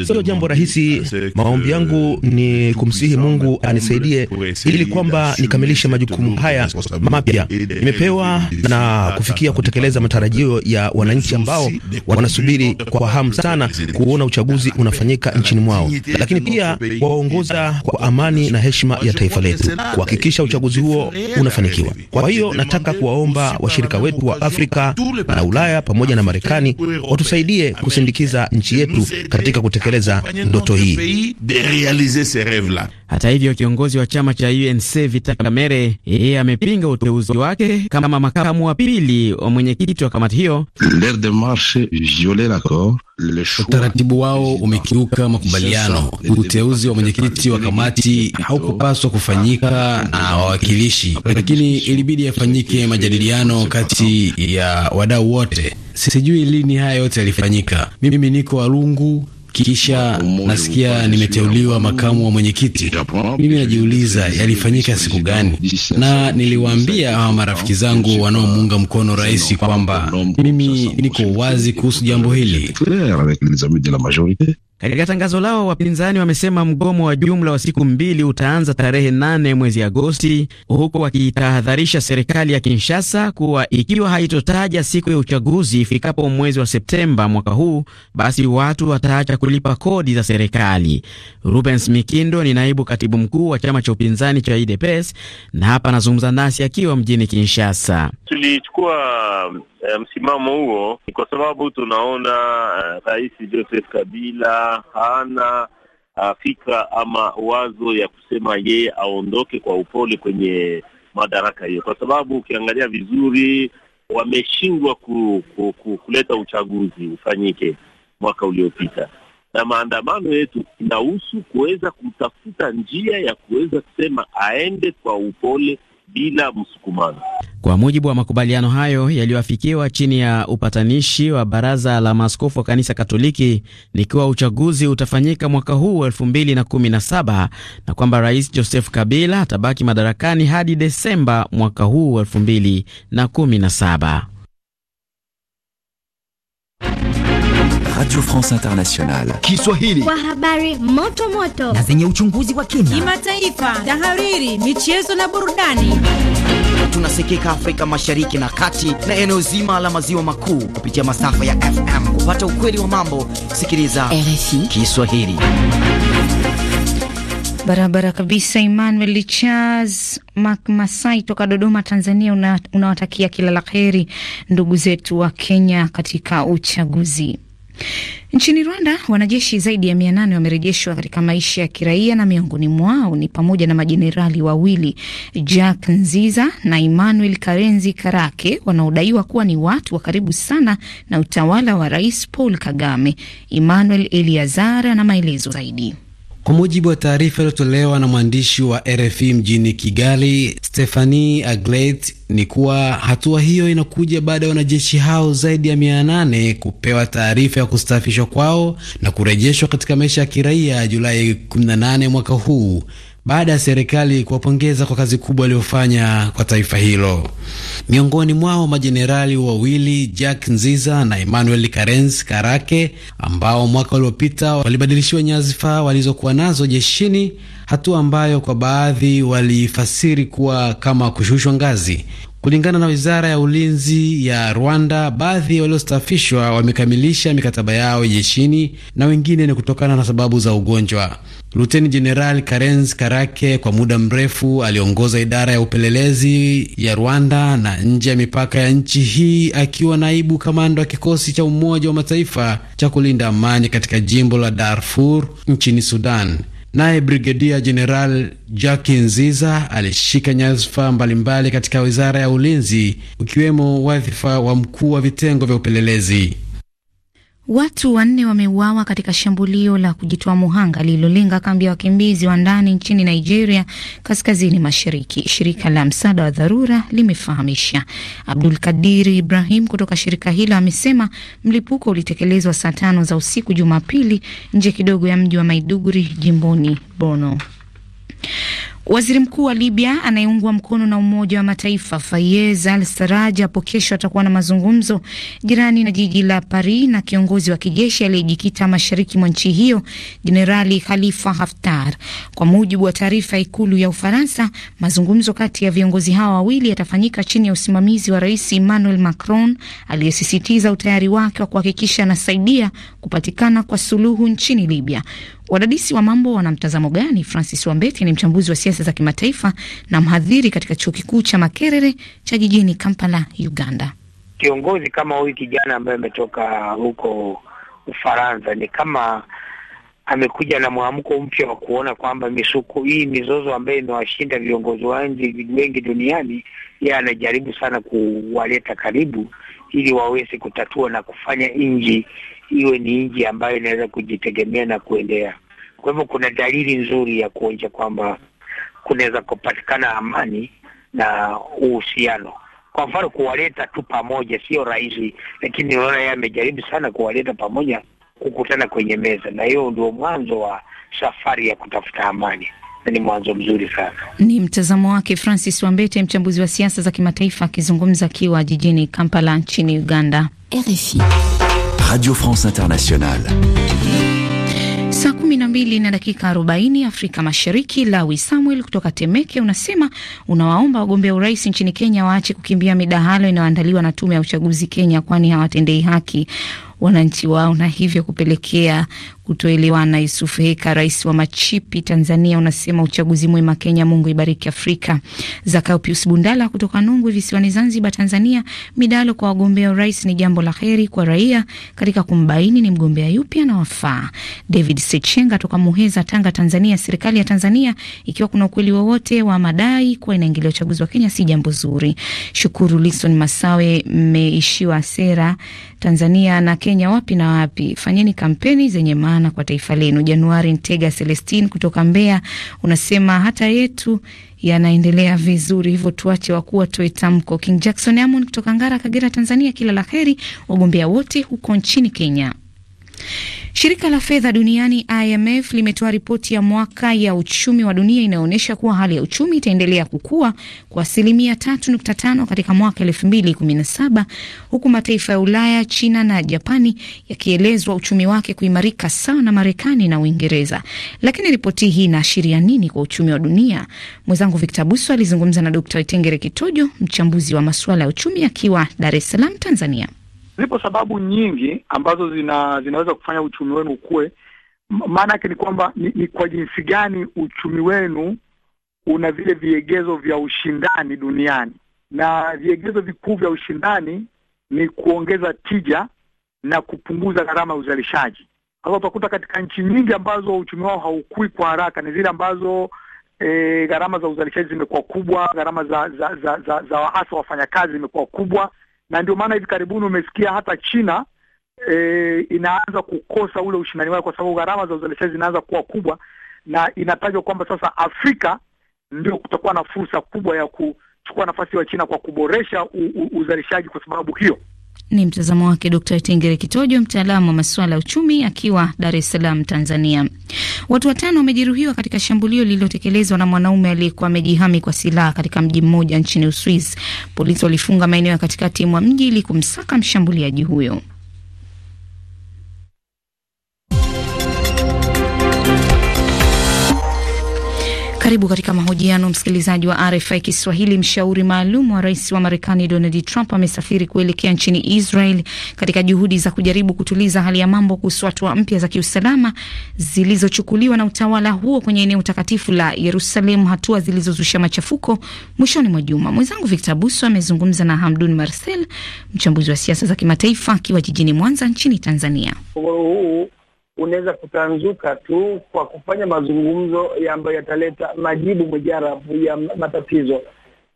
Sio jambo rahisi. Maombi yangu ni kumsihi Mungu anisaidie ili kwamba nikamilishe majukumu haya mapya nimepewa na kufikia kutekeleza matarajio ya wananchi ambao wanasubiri kwa hamu sana kuona uchaguzi unafanyika nchini mwao, lakini pia waongoza kwa amani na heshima ya taifa letu kuhakikisha uchaguzi huo unafanikiwa. Kwa hiyo nataka kuwaomba washirika wetu wa Afrika na Ulaya pamoja na Marekani watusaidie kusindikiza nchi yetu katika kutekeleza ndoto hii. Hata hivyo, kiongozi wa chama cha UNC Vital Kamerhe yeye amepinga uteuzi wake kama makamu wa pili wa mwenyekiti wa kamati hiyo. Utaratibu wao umekiuka makubaliano. Uteuzi wa mwenyekiti wa kamati haukupaswa kufanyika na wawakilishi, lakini ilibidi yafanyike majadiliano kati ya wadau wote. Sijui lini haya yote yalifanyika. Mimi niko Walungu kisha nasikia nimeteuliwa makamu wa mwenyekiti. Mimi najiuliza yalifanyika siku gani? Na niliwaambia hawa marafiki zangu wanaomuunga mkono rais kwamba mimi niko wazi kuhusu jambo hili. Katika tangazo lao, wapinzani wamesema mgomo wa jumla wa siku mbili utaanza tarehe nane mwezi Agosti, huku wakitahadharisha serikali ya Kinshasa kuwa ikiwa haitotaja siku ya uchaguzi ifikapo mwezi wa Septemba mwaka huu, basi watu wataacha kulipa kodi za serikali. Rubens Mikindo ni naibu katibu mkuu wa chama cha upinzani cha UDPS na hapa anazungumza nasi akiwa mjini Kinshasa. Tulichukua e, msimamo huo ni kwa sababu tunaona uh, Rais Joseph Kabila hana uh, fikra ama wazo ya kusema yeye aondoke kwa upole kwenye madaraka hiyo, kwa sababu ukiangalia vizuri wameshindwa ku, ku, ku, kuleta uchaguzi ufanyike mwaka uliopita, na maandamano yetu inahusu kuweza kutafuta njia ya kuweza kusema aende kwa upole bila msukumano. Kwa mujibu wa makubaliano hayo yaliyoafikiwa chini ya upatanishi wa baraza la maaskofu wa kanisa Katoliki likiwa uchaguzi utafanyika mwaka huu 2017 na kwamba Rais Joseph Kabila atabaki madarakani hadi Desemba mwaka huu 2017. Radio France Internationale Kiswahili, kwa habari moto moto na zenye uchunguzi wa kina, kimataifa, tahariri, michezo na burudani. Tunasikika Afrika Mashariki na Kati na eneo zima la maziwa makuu kupitia masafa ya FM. Kupata ukweli wa mambo, sikiliza RFI Kiswahili barabara kabisa. Emmanuel Mak Masai toka Dodoma, Tanzania, unawatakia una kila la heri ndugu zetu wa Kenya katika uchaguzi. Nchini Rwanda, wanajeshi zaidi ya mia nane wamerejeshwa katika maisha ya kiraia na miongoni mwao ni pamoja na majenerali wawili Jack Nziza na Emmanuel Karenzi Karake wanaodaiwa kuwa ni watu wa karibu sana na utawala wa Rais Paul Kagame. Emmanuel Eliazar ana maelezo zaidi. Kwa mujibu wa taarifa iliyotolewa na mwandishi wa RFI mjini Kigali, Stephanie Aglet, ni kuwa hatua hiyo inakuja baada ya wanajeshi hao zaidi ya mia nane kupewa taarifa ya kustaafishwa kwao na kurejeshwa katika maisha ya kiraia Julai 18 mwaka huu, baada ya serikali kuwapongeza kwa kazi kubwa waliofanya kwa taifa hilo. Miongoni mwao majenerali wawili Jack Nziza na Emmanuel Karens Karake, ambao mwaka uliopita walibadilishiwa nyadhifa walizokuwa nazo jeshini, hatua ambayo kwa baadhi walifasiri kuwa kama kushushwa ngazi. Kulingana na wizara ya ulinzi ya Rwanda, baadhi waliostaafishwa wamekamilisha mikataba yao jeshini na wengine ni kutokana na sababu za ugonjwa. Luteni general karens Karake kwa muda mrefu aliongoza idara ya upelelezi ya Rwanda na nje ya mipaka ya nchi hii akiwa naibu kamanda wa kikosi cha Umoja wa Mataifa cha kulinda amani katika jimbo la Darfur nchini Sudan. Naye Brigedia Jeneral Jacki Nziza alishika nyadhifa mbalimbali katika wizara ya ulinzi, ukiwemo wadhifa wa mkuu wa vitengo vya upelelezi. Watu wanne wameuawa katika shambulio la kujitoa muhanga lililolenga kambi ya wakimbizi wa ndani nchini Nigeria, kaskazini mashariki, shirika la msaada wa dharura limefahamisha. Abdul Kadir Ibrahim kutoka shirika hilo amesema mlipuko ulitekelezwa saa tano za usiku Jumapili nje kidogo ya mji wa Maiduguri, jimboni Borno. Waziri mkuu wa Libya anayeungwa mkono na Umoja wa Mataifa Fayez Al Saraj hapo kesho atakuwa na mazungumzo jirani na jiji la Paris na kiongozi wa kijeshi aliyejikita mashariki mwa nchi hiyo Jenerali Khalifa Haftar. Kwa mujibu wa taarifa Ikulu ya Ufaransa, mazungumzo kati ya viongozi hawa wawili yatafanyika chini ya usimamizi wa Rais Emmanuel Macron aliyesisitiza utayari wake wa kuhakikisha anasaidia kupatikana kwa suluhu nchini Libya. Wadadisi wa mambo wana mtazamo gani? Francis Wambeti ni mchambuzi wa siasa za kimataifa na mhadhiri katika chuo kikuu cha Makerere cha jijini Kampala, Uganda. Kiongozi kama huyu kijana ambaye ametoka huko Ufaransa ni kama amekuja na mwamko mpya wa kuona kwamba misuko hii mizozo ambayo imewashinda viongozi wa nchi wengi duniani, yeye anajaribu sana kuwaleta karibu ili waweze kutatua na kufanya nchi iwe ni nchi ambayo inaweza kujitegemea na kuendea. Kwa hivyo kuna dalili nzuri ya kuonyesha kwamba kunaweza kupatikana amani na uhusiano. Kwa mfano, kuwaleta tu pamoja sio rahisi, lakini naona yeye amejaribu sana kuwaleta pamoja, kukutana kwenye meza, na hiyo ndio mwanzo wa safari ya kutafuta amani na ni mwanzo mzuri sana. Ni mtazamo wake Francis Wambete, mchambuzi wa siasa za kimataifa, akizungumza akiwa jijini Kampala nchini Uganda. RFI. Radio France Internationale. Saa kumi na mbili na dakika 40 Afrika Mashariki. Lawi Samuel kutoka Temeke unasema unawaomba wagombea urais nchini Kenya waache kukimbia midahalo inayoandaliwa na tume ya uchaguzi Kenya, kwani hawatendei haki wananchi wao na hivyo kupelekea kutoelewana. Yusuf Heka, rais wa machipi Tanzania, unasema uchaguzi mwema Kenya, Mungu ibariki Afrika. Zakayo Pius Bundala kutoka Nungwi visiwani Zanzibar, Tanzania, midalo kwa wagombea urais ni jambo la heri kwa raia katika kumbaini ni mgombea yupi anawafaa. David Sechenga toka Muheza, Tanga, Tanzania, serikali ya Tanzania ikiwa kuna ukweli wowote wa madai kuwa inaingilia uchaguzi wa Kenya si jambo zuri. Shukuru Liston Masawe, mmeishiwa sera Tanzania na Kenya wapi na wapi, fanyeni kampeni zenye ma maana kwa taifa lenu. Januari Ntega Celestin kutoka Mbeya unasema hata yetu yanaendelea vizuri, hivyo tuache wakuu watoe tamko. King Jackson Amon kutoka Ngara, Kagera, Tanzania, kila la heri wagombea wote huko nchini Kenya. Shirika la fedha duniani IMF limetoa ripoti ya mwaka ya uchumi wa dunia inayoonyesha kuwa hali ya uchumi itaendelea kukua kwa asilimia 3.5 katika mwaka 2017 huku mataifa ya Ulaya, China na Japani yakielezwa uchumi wake kuimarika sawa na Marekani na Uingereza. Lakini ripoti hii inaashiria nini kwa uchumi wa dunia? Mwenzangu Victor Buso alizungumza na Dr. Itengere Kitojo, mchambuzi wa masuala ya uchumi akiwa Dar es Salaam, Tanzania. Zipo sababu nyingi ambazo zina, zinaweza kufanya uchumi wenu ukue. Maana yake ni kwamba ni, ni kwa jinsi gani uchumi wenu una vile viegezo vya ushindani duniani, na viegezo vikuu vya ushindani ni kuongeza tija na kupunguza gharama ya uzalishaji. Sasa utakuta katika nchi nyingi ambazo uchumi wao haukui kwa haraka ni zile ambazo e, gharama za uzalishaji zimekuwa kubwa, gharama za za za, za, za waasa wafanyakazi zimekuwa kubwa, na ndio maana hivi karibuni umesikia hata China e, inaanza kukosa ule ushindani wake, kwa sababu gharama za uzalishaji zinaanza kuwa kubwa, na inatajwa kwamba sasa Afrika ndio kutakuwa na fursa kubwa ya kuchukua nafasi ya China kwa kuboresha uzalishaji kwa sababu hiyo. Ni mtazamo wake Dr Tingere Kitojo, mtaalamu wa masuala ya uchumi akiwa Dar es Salaam, Tanzania. Watu watano wamejeruhiwa katika shambulio lililotekelezwa na mwanaume aliyekuwa amejihami kwa silaha katika mji mmoja nchini uswis Polisi walifunga maeneo ya katikati mwa mji ili kumsaka mshambuliaji huyo. Karibu katika mahojiano, msikilizaji wa RFI Kiswahili. Mshauri maalum wa rais wa Marekani Donald Trump amesafiri kuelekea nchini Israel katika juhudi za kujaribu kutuliza hali ya mambo kuhusu hatua mpya za kiusalama zilizochukuliwa na utawala huo kwenye eneo takatifu la Yerusalemu, hatua zilizozusha machafuko mwishoni mwa juma. Mwenzangu Victor Buso amezungumza na Hamdun Marcel, mchambuzi wa siasa za kimataifa, akiwa jijini Mwanza nchini Tanzania unaweza kutanzuka tu kwa kufanya mazungumzo ambayo yataleta majibu mujarabu ya matatizo,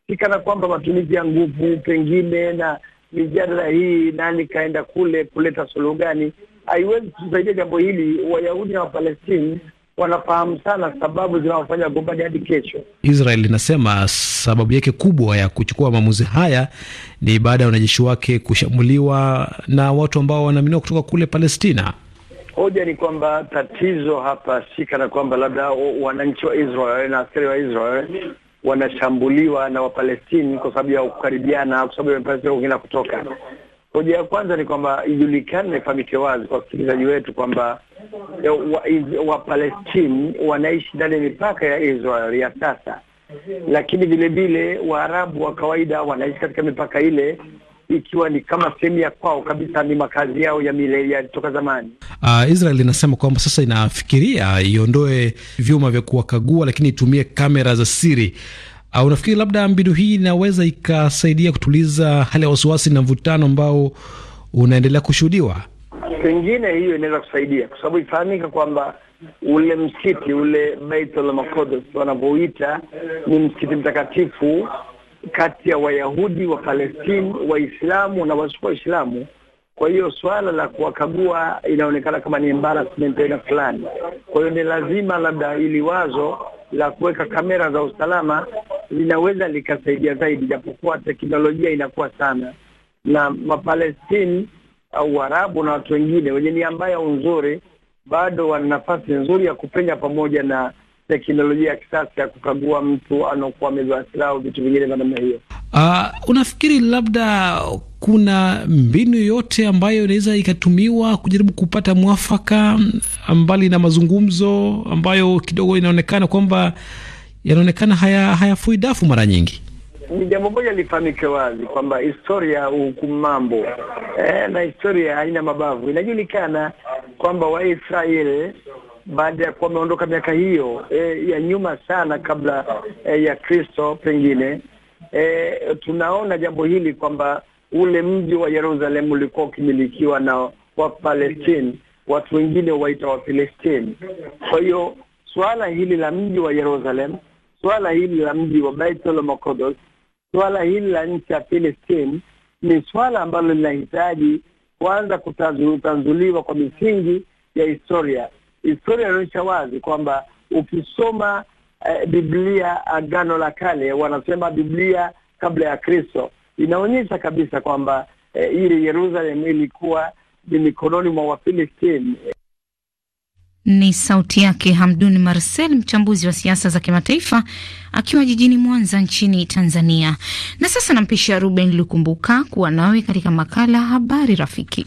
si kana kwamba matumizi ya nguvu pengine na mijadala hii, nani kaenda kule kuleta suluhu gani, haiwezi kusaidia jambo hili. Wayahudi na Wapalestini wanafahamu sana sababu zinazofanya gombani hadi kesho. Israel inasema sababu yake kubwa ya kuchukua maamuzi haya ni baada ya wanajeshi wake kushambuliwa na watu ambao wanaaminiwa kutoka kule Palestina. Hoja ni kwamba tatizo hapa si kana kwamba labda wananchi wa Israel na askari wa Israel wanashambuliwa na Wapalestini kwa sababu ya kukaribiana, kwa sababu ya wengine kutoka. Hoja ya kwanza ni kwamba ijulikane na ifamike wazi kwa wasikilizaji wetu kwamba Wapalestini wa wanaishi ndani ya mipaka ya Israel ya sasa, lakini vilevile Waarabu wa kawaida wanaishi katika mipaka ile ikiwa ni kama sehemu ya kwao kabisa, ni makazi yao ya milele toka zamani. Uh, Israel inasema kwamba sasa inafikiria iondoe vyuma vya kuwakagua, lakini itumie kamera za siri. Uh, unafikiri labda mbinu hii inaweza ikasaidia kutuliza hali ya wasiwasi na mvutano ambao unaendelea kushuhudiwa? Pengine hiyo inaweza kusaidia, kwa sababu ifahamika kwamba ule msikiti ule Baitul Maqdis wanavyoita ni msikiti mtakatifu kati ya Wayahudi wa Waislamu na wasio Waislamu. Kwa hiyo swala la kuwakagua inaonekana kama ni embarrassment aina fulani. Kwa hiyo ni lazima labda ili wazo la kuweka kamera za usalama linaweza likasaidia zaidi, japokuwa teknolojia inakuwa sana na Mapalestini au arabu na watu wengine wenye nia mbaya nzuri bado wana nafasi nzuri ya kupenya pamoja na teknolojia ya kisasa ya kukagua mtu anaokuwa amezawasila au vitu vingine vya namna hiyo. Uh, unafikiri labda kuna mbinu yoyote ambayo inaweza ikatumiwa kujaribu kupata mwafaka, mbali na mazungumzo ambayo kidogo inaonekana kwamba yanaonekana haya hayafui dafu mara nyingi? Ni jambo moja lifahamike wazi kwamba historia hukumu mambo eh, na historia haina mabavu. Inajulikana kwamba Waisraeli baada ya kuwa ameondoka miaka hiyo e, ya nyuma sana kabla e, ya Kristo pengine e, tunaona jambo hili kwamba ule mji wa Yerusalemu ulikuwa ukimilikiwa na Wapalestini, watu wengine waita Wapalestini. Kwa hiyo suala hili la mji wa Yerusalemu, suala hili la mji wa Baitul Maqdis, suala hili la nchi ya Palestine ni suala ambalo linahitaji kwanza kutanzuliwa kwa misingi ya historia historia inaonyesha wazi kwamba ukisoma eh, Biblia Agano la Kale, wanasema Biblia kabla ya Kristo, inaonyesha kabisa kwamba eh, ile Yerusalem ilikuwa ni mikononi mwa Wafilistini. Ni sauti yake Hamdun Marcel, mchambuzi wa siasa za kimataifa akiwa jijini Mwanza nchini Tanzania. Na sasa nampisha Ruben Lukumbuka kuwa nawe katika makala Habari Rafiki.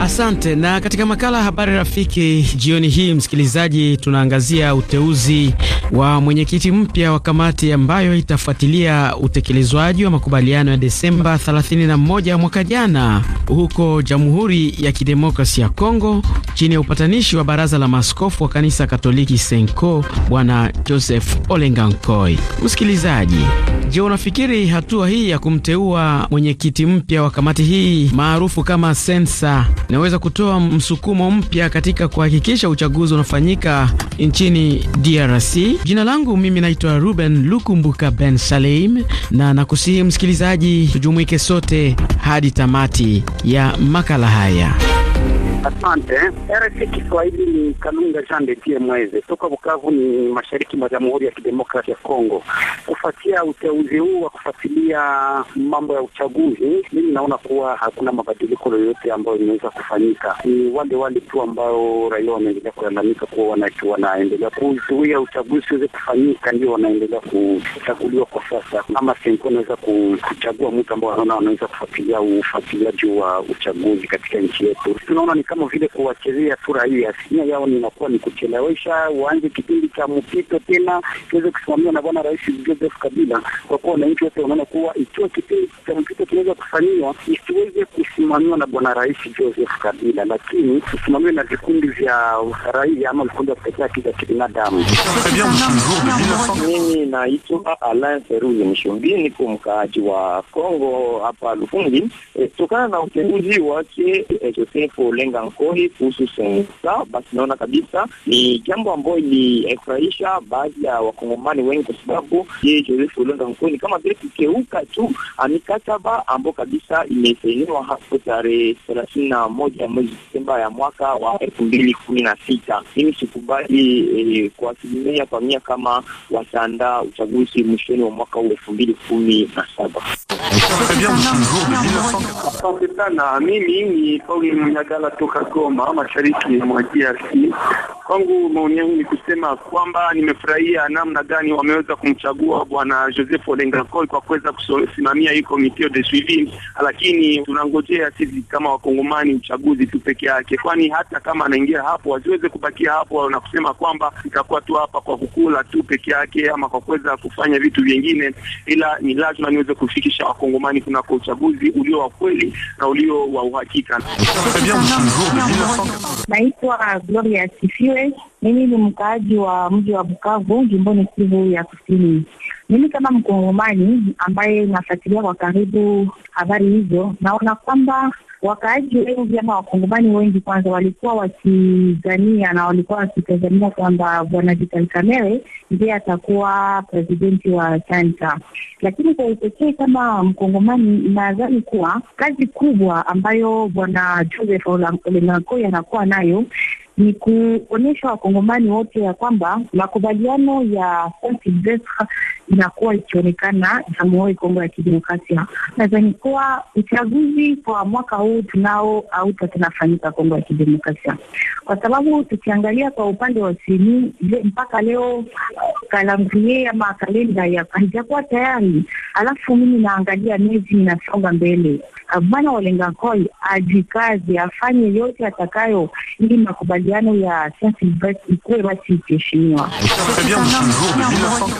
Asante. Na katika makala habari rafiki jioni hii, msikilizaji, tunaangazia uteuzi wa mwenyekiti mpya wa kamati ambayo itafuatilia utekelezwaji wa makubaliano ya Desemba 31 mwaka jana huko Jamhuri ya Kidemokrasia ya Kongo chini ya upatanishi wa Baraza la maskofu wa Kanisa Katoliki Senko, Bwana Joseph Olengankoi. Msikilizaji, je, unafikiri hatua hii ya kumteua mwenyekiti mpya wa kamati hii maarufu kama sensa inaweza kutoa msukumo mpya katika kuhakikisha uchaguzi unafanyika nchini DRC. Jina langu mimi naitwa Ruben Lukumbuka Ben Saleim, na nakusihi msikilizaji, tujumuike sote hadi tamati ya makala haya. Asante RFI Kiswahili. Ni Kalunga Jean Mweze toka Bukavu, ni mashariki mwa Jamhuri ya Kidemokrasia ya Kongo. Kufuatia uteuzi huu wa kufuatilia mambo ya uchaguzi, mimi naona kuwa hakuna mabadiliko yoyote ambayo inaweza kufanyika. Ni wale wale tu ambao raia wanaendelea kulalamika kuwa wanaendelea kuzuia uchaguzi uweze kufanyika, ndio wanaendelea kuchaguliwa kwa sasa. Kama senko anaweza kuchagua mtu ambao anaona wanaweza kufuatilia ufuatiliaji wa uchaguzi katika nchi yetu, tunaona ni kama vile kuwachezea furahia asinia yao inakuwa ni kuchelewesha, waanze kipindi cha mpito tena kiweze kusimamiwa na Bwana Rais Joseph Kabila, kwa kuwa wananchi wote wanaona kuwa ikiwa kipindi cha mpito kinaweza kufanyiwa isiweze kusimamiwa na Bwana Rais Joseph Kabila, lakini kusimamiwa na vikundi vya raia ama vikundi vya kutetea haki za kibinadamu. Mimi naitwa Alain Feruzi Mshumbi, niko mkaaji wa Kongo hapa Lufungi, eh, kutokana na uteuzi wake eh, Joseph Olenga Manda Nkohi kuhusu sensa, basi naona kabisa ni jambo ambayo ilifurahisha baadhi ya wakongomani wengi, kwa sababu yeye Joseph Olonga Nkohi ni kama vile kukeuka tu mikataba ambayo kabisa imesainiwa hapo tarehe thelathini na moja mwezi Desemba ya mwaka wa elfu mbili kumi na sita. Mimi sikubali eh, kwa asilimia kwa mia kama wataandaa uchaguzi mwishoni wa mwaka huu elfu mbili kumi na saba. Asante sana. Mimi ni Pauli Mnyagala tu kutoka Goma mashariki mwa DRC. Kwangu maoni yangu ni kusema kwamba nimefurahia namna gani wameweza kumchagua bwana Joseph Olenga kwa kuweza kusimamia hii committee de suivi, lakini tunangojea sisi kama wakongomani uchaguzi tu peke yake, kwani hata kama anaingia hapo wasiweze kubakia hapo na kusema kwamba itakuwa tu hapa kwa kukula tu peke yake ama kwa kuweza kufanya vitu vingine, ila ni lazima niweze kufikisha wakongomani kunako uchaguzi ulio wa kweli na ulio wa uhakika. Naitwa Gloria Sifiwe, Mimi ni mkaaji wa mji wa Bukavu, jimboni Kivu ya Kusini. Mimi kama mkongomani ambaye nafuatilia kwa karibu habari hizo, naona kwamba wakaaji wengi ama wakongomani wengi kwanza walikuwa wakizania na walikuwa wakitazamia kwamba bwana Vital Kamerhe ndiye atakuwa presidenti wa Santa, lakini kwa upekee kama mkongomani nadhani kuwa kazi kubwa ambayo bwana Joseph Olengakoya anakuwa nayo ni kuonyesha wakongomani wote ya kwamba makubaliano ya inakuwa ikionekana Jamhuri Kongo ya Kidemokrasia. Nadhani kuwa uchaguzi kwa mwaka huu tunao auta tunafanyika Kongo ya Kidemokrasia, kwa sababu tukiangalia kwa upande wa sini mpaka leo kalamburie ama kalenda ya haijakuwa tayari, alafu mimi naangalia miezi inasonga mbele. Bwana Olengakoi ajikaze afanye yote atakayo ili makubaliano ya ikuwe basi ikiheshimiwa.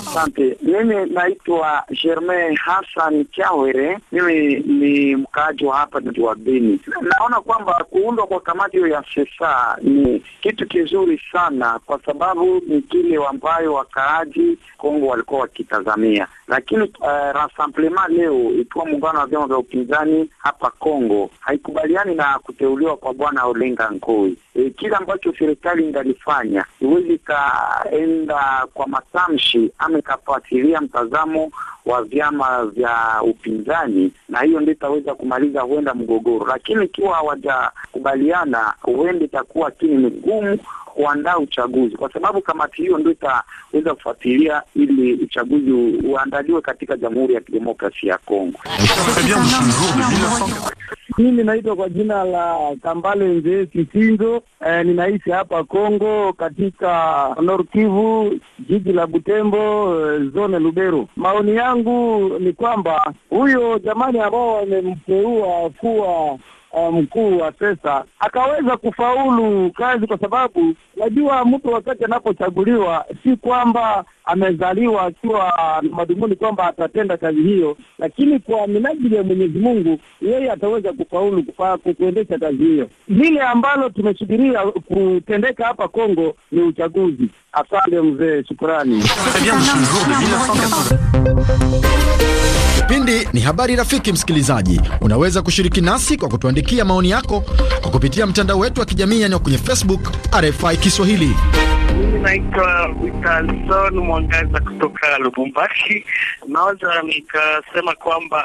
Asante. Mimi naitwa Germain Hassan Chawere, mimi ni mkaaji wa hapa mji wa Beni. Naona kwamba kuundwa kwa kamati hiyo ya sesa ni kitu kizuri sana, kwa sababu ni kile ambayo wakaa maji Kongo walikuwa wakitazamia, lakini uh, Rassemblement leo ikiwa muungano wa vyama vya upinzani hapa Kongo haikubaliani na kuteuliwa kwa bwana Olenga Nkoi. E, kile ambacho serikali ingalifanya iwezi ikaenda kwa matamshi ama ikafuatilia mtazamo wa vyama vya upinzani, na hiyo ndio itaweza kumaliza huenda mgogoro, lakini ikiwa hawajakubaliana, huenda itakuwa kini migumu kuandaa uchaguzi, kwa sababu kamati hiyo ndio itaweza kufuatilia ili uchaguzi uandaliwe katika Jamhuri ya Kidemokrasia ya Kongo. Mimi naitwa kwa jina la Kambale Nzee Kisinzo. Eh, ninaishi hapa Kongo katika Nord Kivu, jiji la Butembo, eh, zone Lubero. Maoni yangu ni kwamba huyo jamani ambao wamemteua kuwa Eh, mkuu wa pesa akaweza kufaulu kazi, kwa sababu najua mtu wakati anapochaguliwa si kwamba amezaliwa akiwa na madhumuni kwamba atatenda kazi hiyo, lakini kwa minajili ya Mwenyezi Mungu yeye ataweza kufaulu kuendesha kazi hiyo. Lile ambalo tumesubiria kutendeka hapa Kongo ni uchaguzi. Asante mzee, shukurani. Kipindi ni habari rafiki. Msikilizaji, unaweza kushiriki nasi kwa kutuandikia maoni yako kwa kupitia mtandao wetu wa kijamii, yaani kwenye Facebook RFI Kiswahili. Mimi naitwa Witalson Mwangaza kutoka Lubumbashi. Naweza nikasema kwamba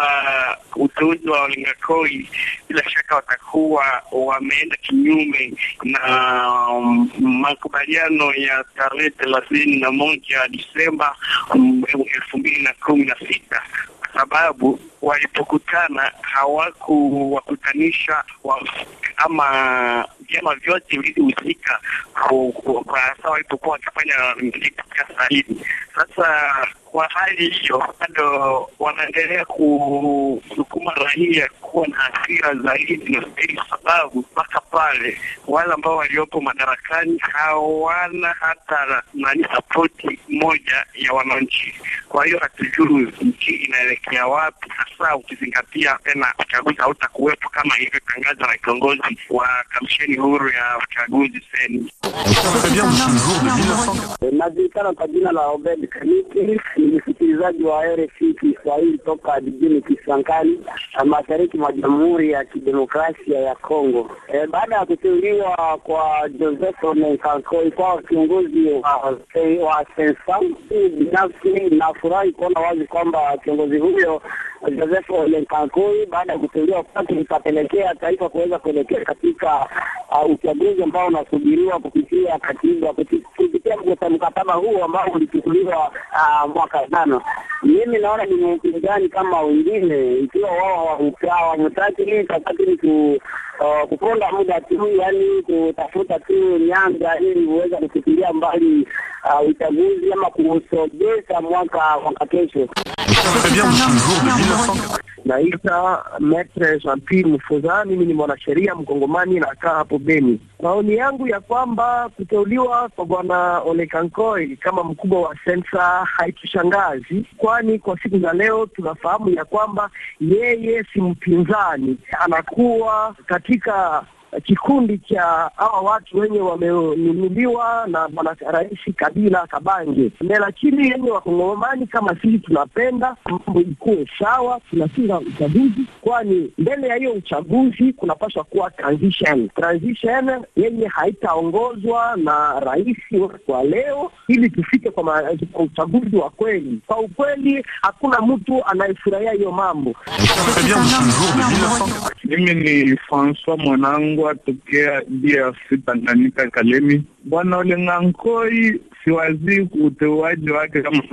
uh, uteuzi wa Walingakoi bila shaka watakuwa wameenda kinyume na um, makubaliano ya tarehe thelathini na moja Disemba um, elfu mbili na kumi na sita kwa sababu walipokutana hawakuwakutanisha ama vyama vyote vilivyohusika kwa saa walipokuwa wakifanya katika Sasa kwa hali hiyo, bado wanaendelea kusukuma raia kuwa na hasira zaidi na zaidi, kwa sababu mpaka pale wale ambao waliopo madarakani hawana hata nani sapoti moja ya wananchi. Kwa hiyo hatujui nchi inaelekea wapi hasa ukizingatia tena uchaguzi hautakuwepo kama ilivyotangazwa na kiongozi wa kamisheni huru ya uchaguzi seni. Najulikana kwa jina la Obed Kaniki, ni msikilizaji wa RFI Kiswahili toka jijini Kisangani, mashariki mwa Jamhuri ya Kidemokrasia ya Kongo. E, baada ya kuteuliwa kwa Joseph Nkankoi kwa kiongozi wa sensa, binafsi nafurahi kuona wazi kwamba kiongozi huyo Joseph Ole Nkankoi baada ya kuteuliwa kwake itapelekea taifa kuweza kuelekea katika uh, uchaguzi ambao unasubiriwa kupitia katiba, kupitia mkataba huu ambao ulichukuliwa uh, mwaka jana. Mimi naona ni upinzani kama wengine, ikiwa wao hawataki hii uh, kakati ni kuponda muda tu, yani kutafuta tu nyanja ili huweza kufikiria mbali uh, uchaguzi ama kusogeza mwaka mwaka kesho naita Metre Jean-Pierre Mfuzani, mimi ni mwanasheria Mkongomani na kaa hapo Beni. Maoni yangu ya kwamba kuteuliwa kwa bwana Olekankoi kama mkubwa wa sensa haitushangazi, kwani kwa siku za leo tunafahamu ya kwamba yeye si mpinzani, anakuwa katika kikundi cha hawa watu wenye wamenunuliwa na bwana rais Kabila Kabange, lakini yenye wakongomani kama sisi tunapenda mambo ikuwe sawa, tunapinga uchaguzi, kwani mbele ya hiyo uchaguzi kunapaswa kuwa transition, transition yenye haitaongozwa na rais kwa leo, ili tufike kwa, ma, kwa uchaguzi wa kweli. Kwa ukweli hakuna mtu anayefurahia hiyo mambo. Mimi ni Francois Mwanangu watokea DRC Tanganyika, Kalemi. Bwana Ole Ngankoi siwazii uteuaji wake kama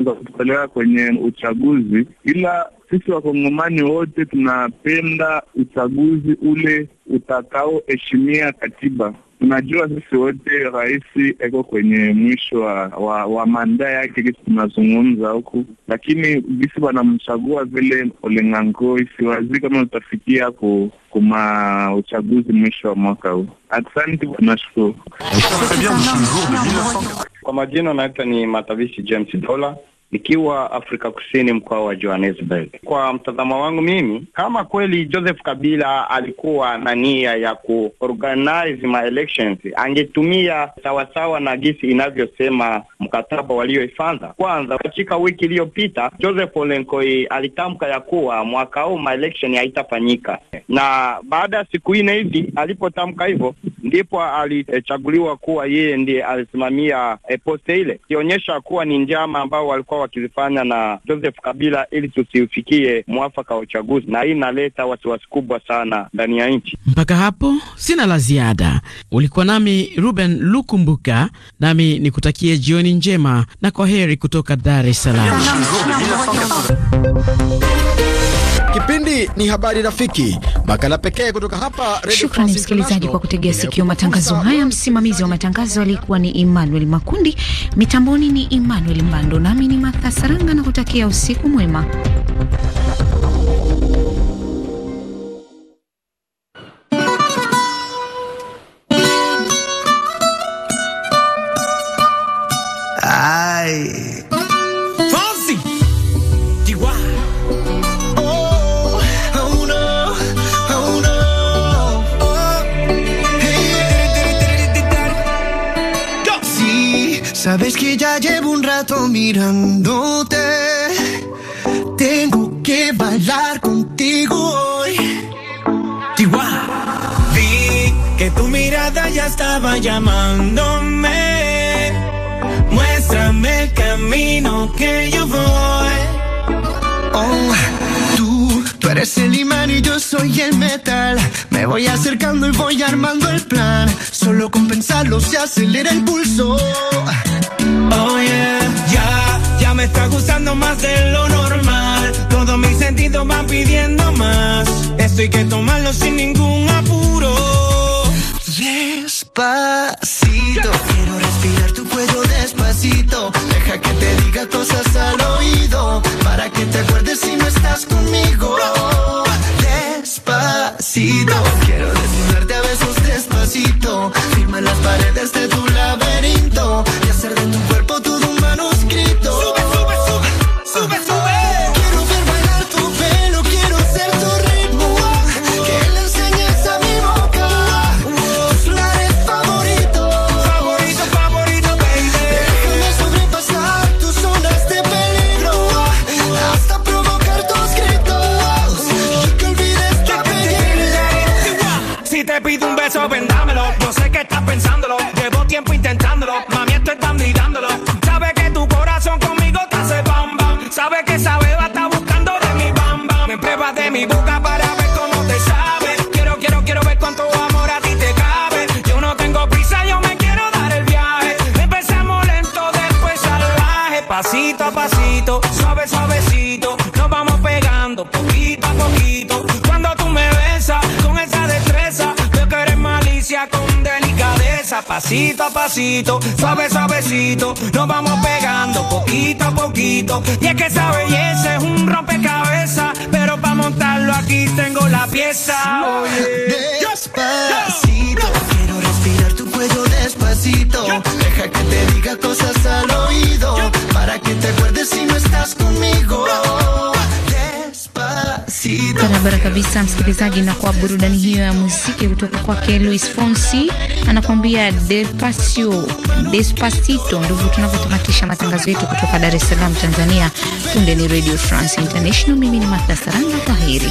za kwenye uchaguzi, ila sisi wakongomani wote tunapenda uchaguzi ule utakaoheshimia katiba. Tunajua sisi wote rais eko kwenye mwisho wa, wa, wa manda yake, kisi tunazungumza huku, lakini visi wanamchagua vile olengango, siwazi kama utafikia kuma uchaguzi mwisho wa mwaka huu. Asante, tunashukuru. Kwa majina naita ni Matavishi James Dola nikiwa Afrika Kusini, mkoa wa Johannesburg. Kwa mtazamo wangu mimi, kama kweli Joseph Kabila alikuwa na nia ya kuorganize angetumia sawasawa na gisi inavyosema mkataba walioifadha. Kwanza, katika wiki iliyopita Joseph Olenkoi alitamka ya kuwa mwaka huu maelection haitafanyika, na baada ya siku nne hivi alipotamka hivyo ndipo alichaguliwa kuwa yeye ndiye alisimamia e, poste ile, ikionyesha kuwa ni njama ambao walikuwa wamekuwa wakilifanya na Joseph Kabila ili tusiufikie mwafaka wa uchaguzi, na hii inaleta wasiwasi kubwa sana ndani ya nchi. Mpaka hapo sina la ziada. Ulikuwa nami Ruben Lukumbuka, nami nikutakie jioni njema na kwa heri kutoka Dar es Salaam. Kipindi ni habari rafiki, makala pekee kutoka hapa. Shukrani msikilizaji kwa kutegea sikio matangazo haya. Msimamizi wa matangazo alikuwa ni Emmanuel Makundi, mitamboni ni Emmanuel Mbando, nami ni Martha Saranga na kutakia usiku mwema. Sabes que ya llevo un rato mirándote. Tengo que bailar contigo hoy. Chihuahua. Vi que tu mirada ya estaba llamándome. Muéstrame el camino que yo voy. Oh eres el imán y yo soy el metal. Me voy acercando y voy armando el plan. Solo con pensarlo se acelera el pulso. Oh yeah, ya, ya me está gustando más de lo normal. Todo mi sentido van pidiendo más. Esto hay que tomarlo sin ningún apuro. Despacito, quiero respirar tu cuello despacito. Deja que te diga cosas al oído para que te acuerdes si no estás conmigo. Quiero desnudarte a besos despacito. Firma las paredes de tu laberinto y hacer de tu cuerpo pasito a pasito, suave suavecito, nos vamos pegando poquito a poquito. Y es que esa belleza es un rompecabezas, pero para montarlo aquí tengo la pieza. Oye. Despacito, quiero respirar tu cuello despacito. Deja que te diga cosas al oído, para que te acuerdes si no estás conmigo. Barabara kabisa, msikilizaji, na kwa burudani hiyo ya muziki kutoka kwake Luis Fonsi anakuambia despacio Despacito. Ndivyo tunavyotamatisha matangazo yetu kutoka Dar es Salaam, Tanzania. Punde ni Radio France International. Mimi ni Martha Saranga, kwaheri.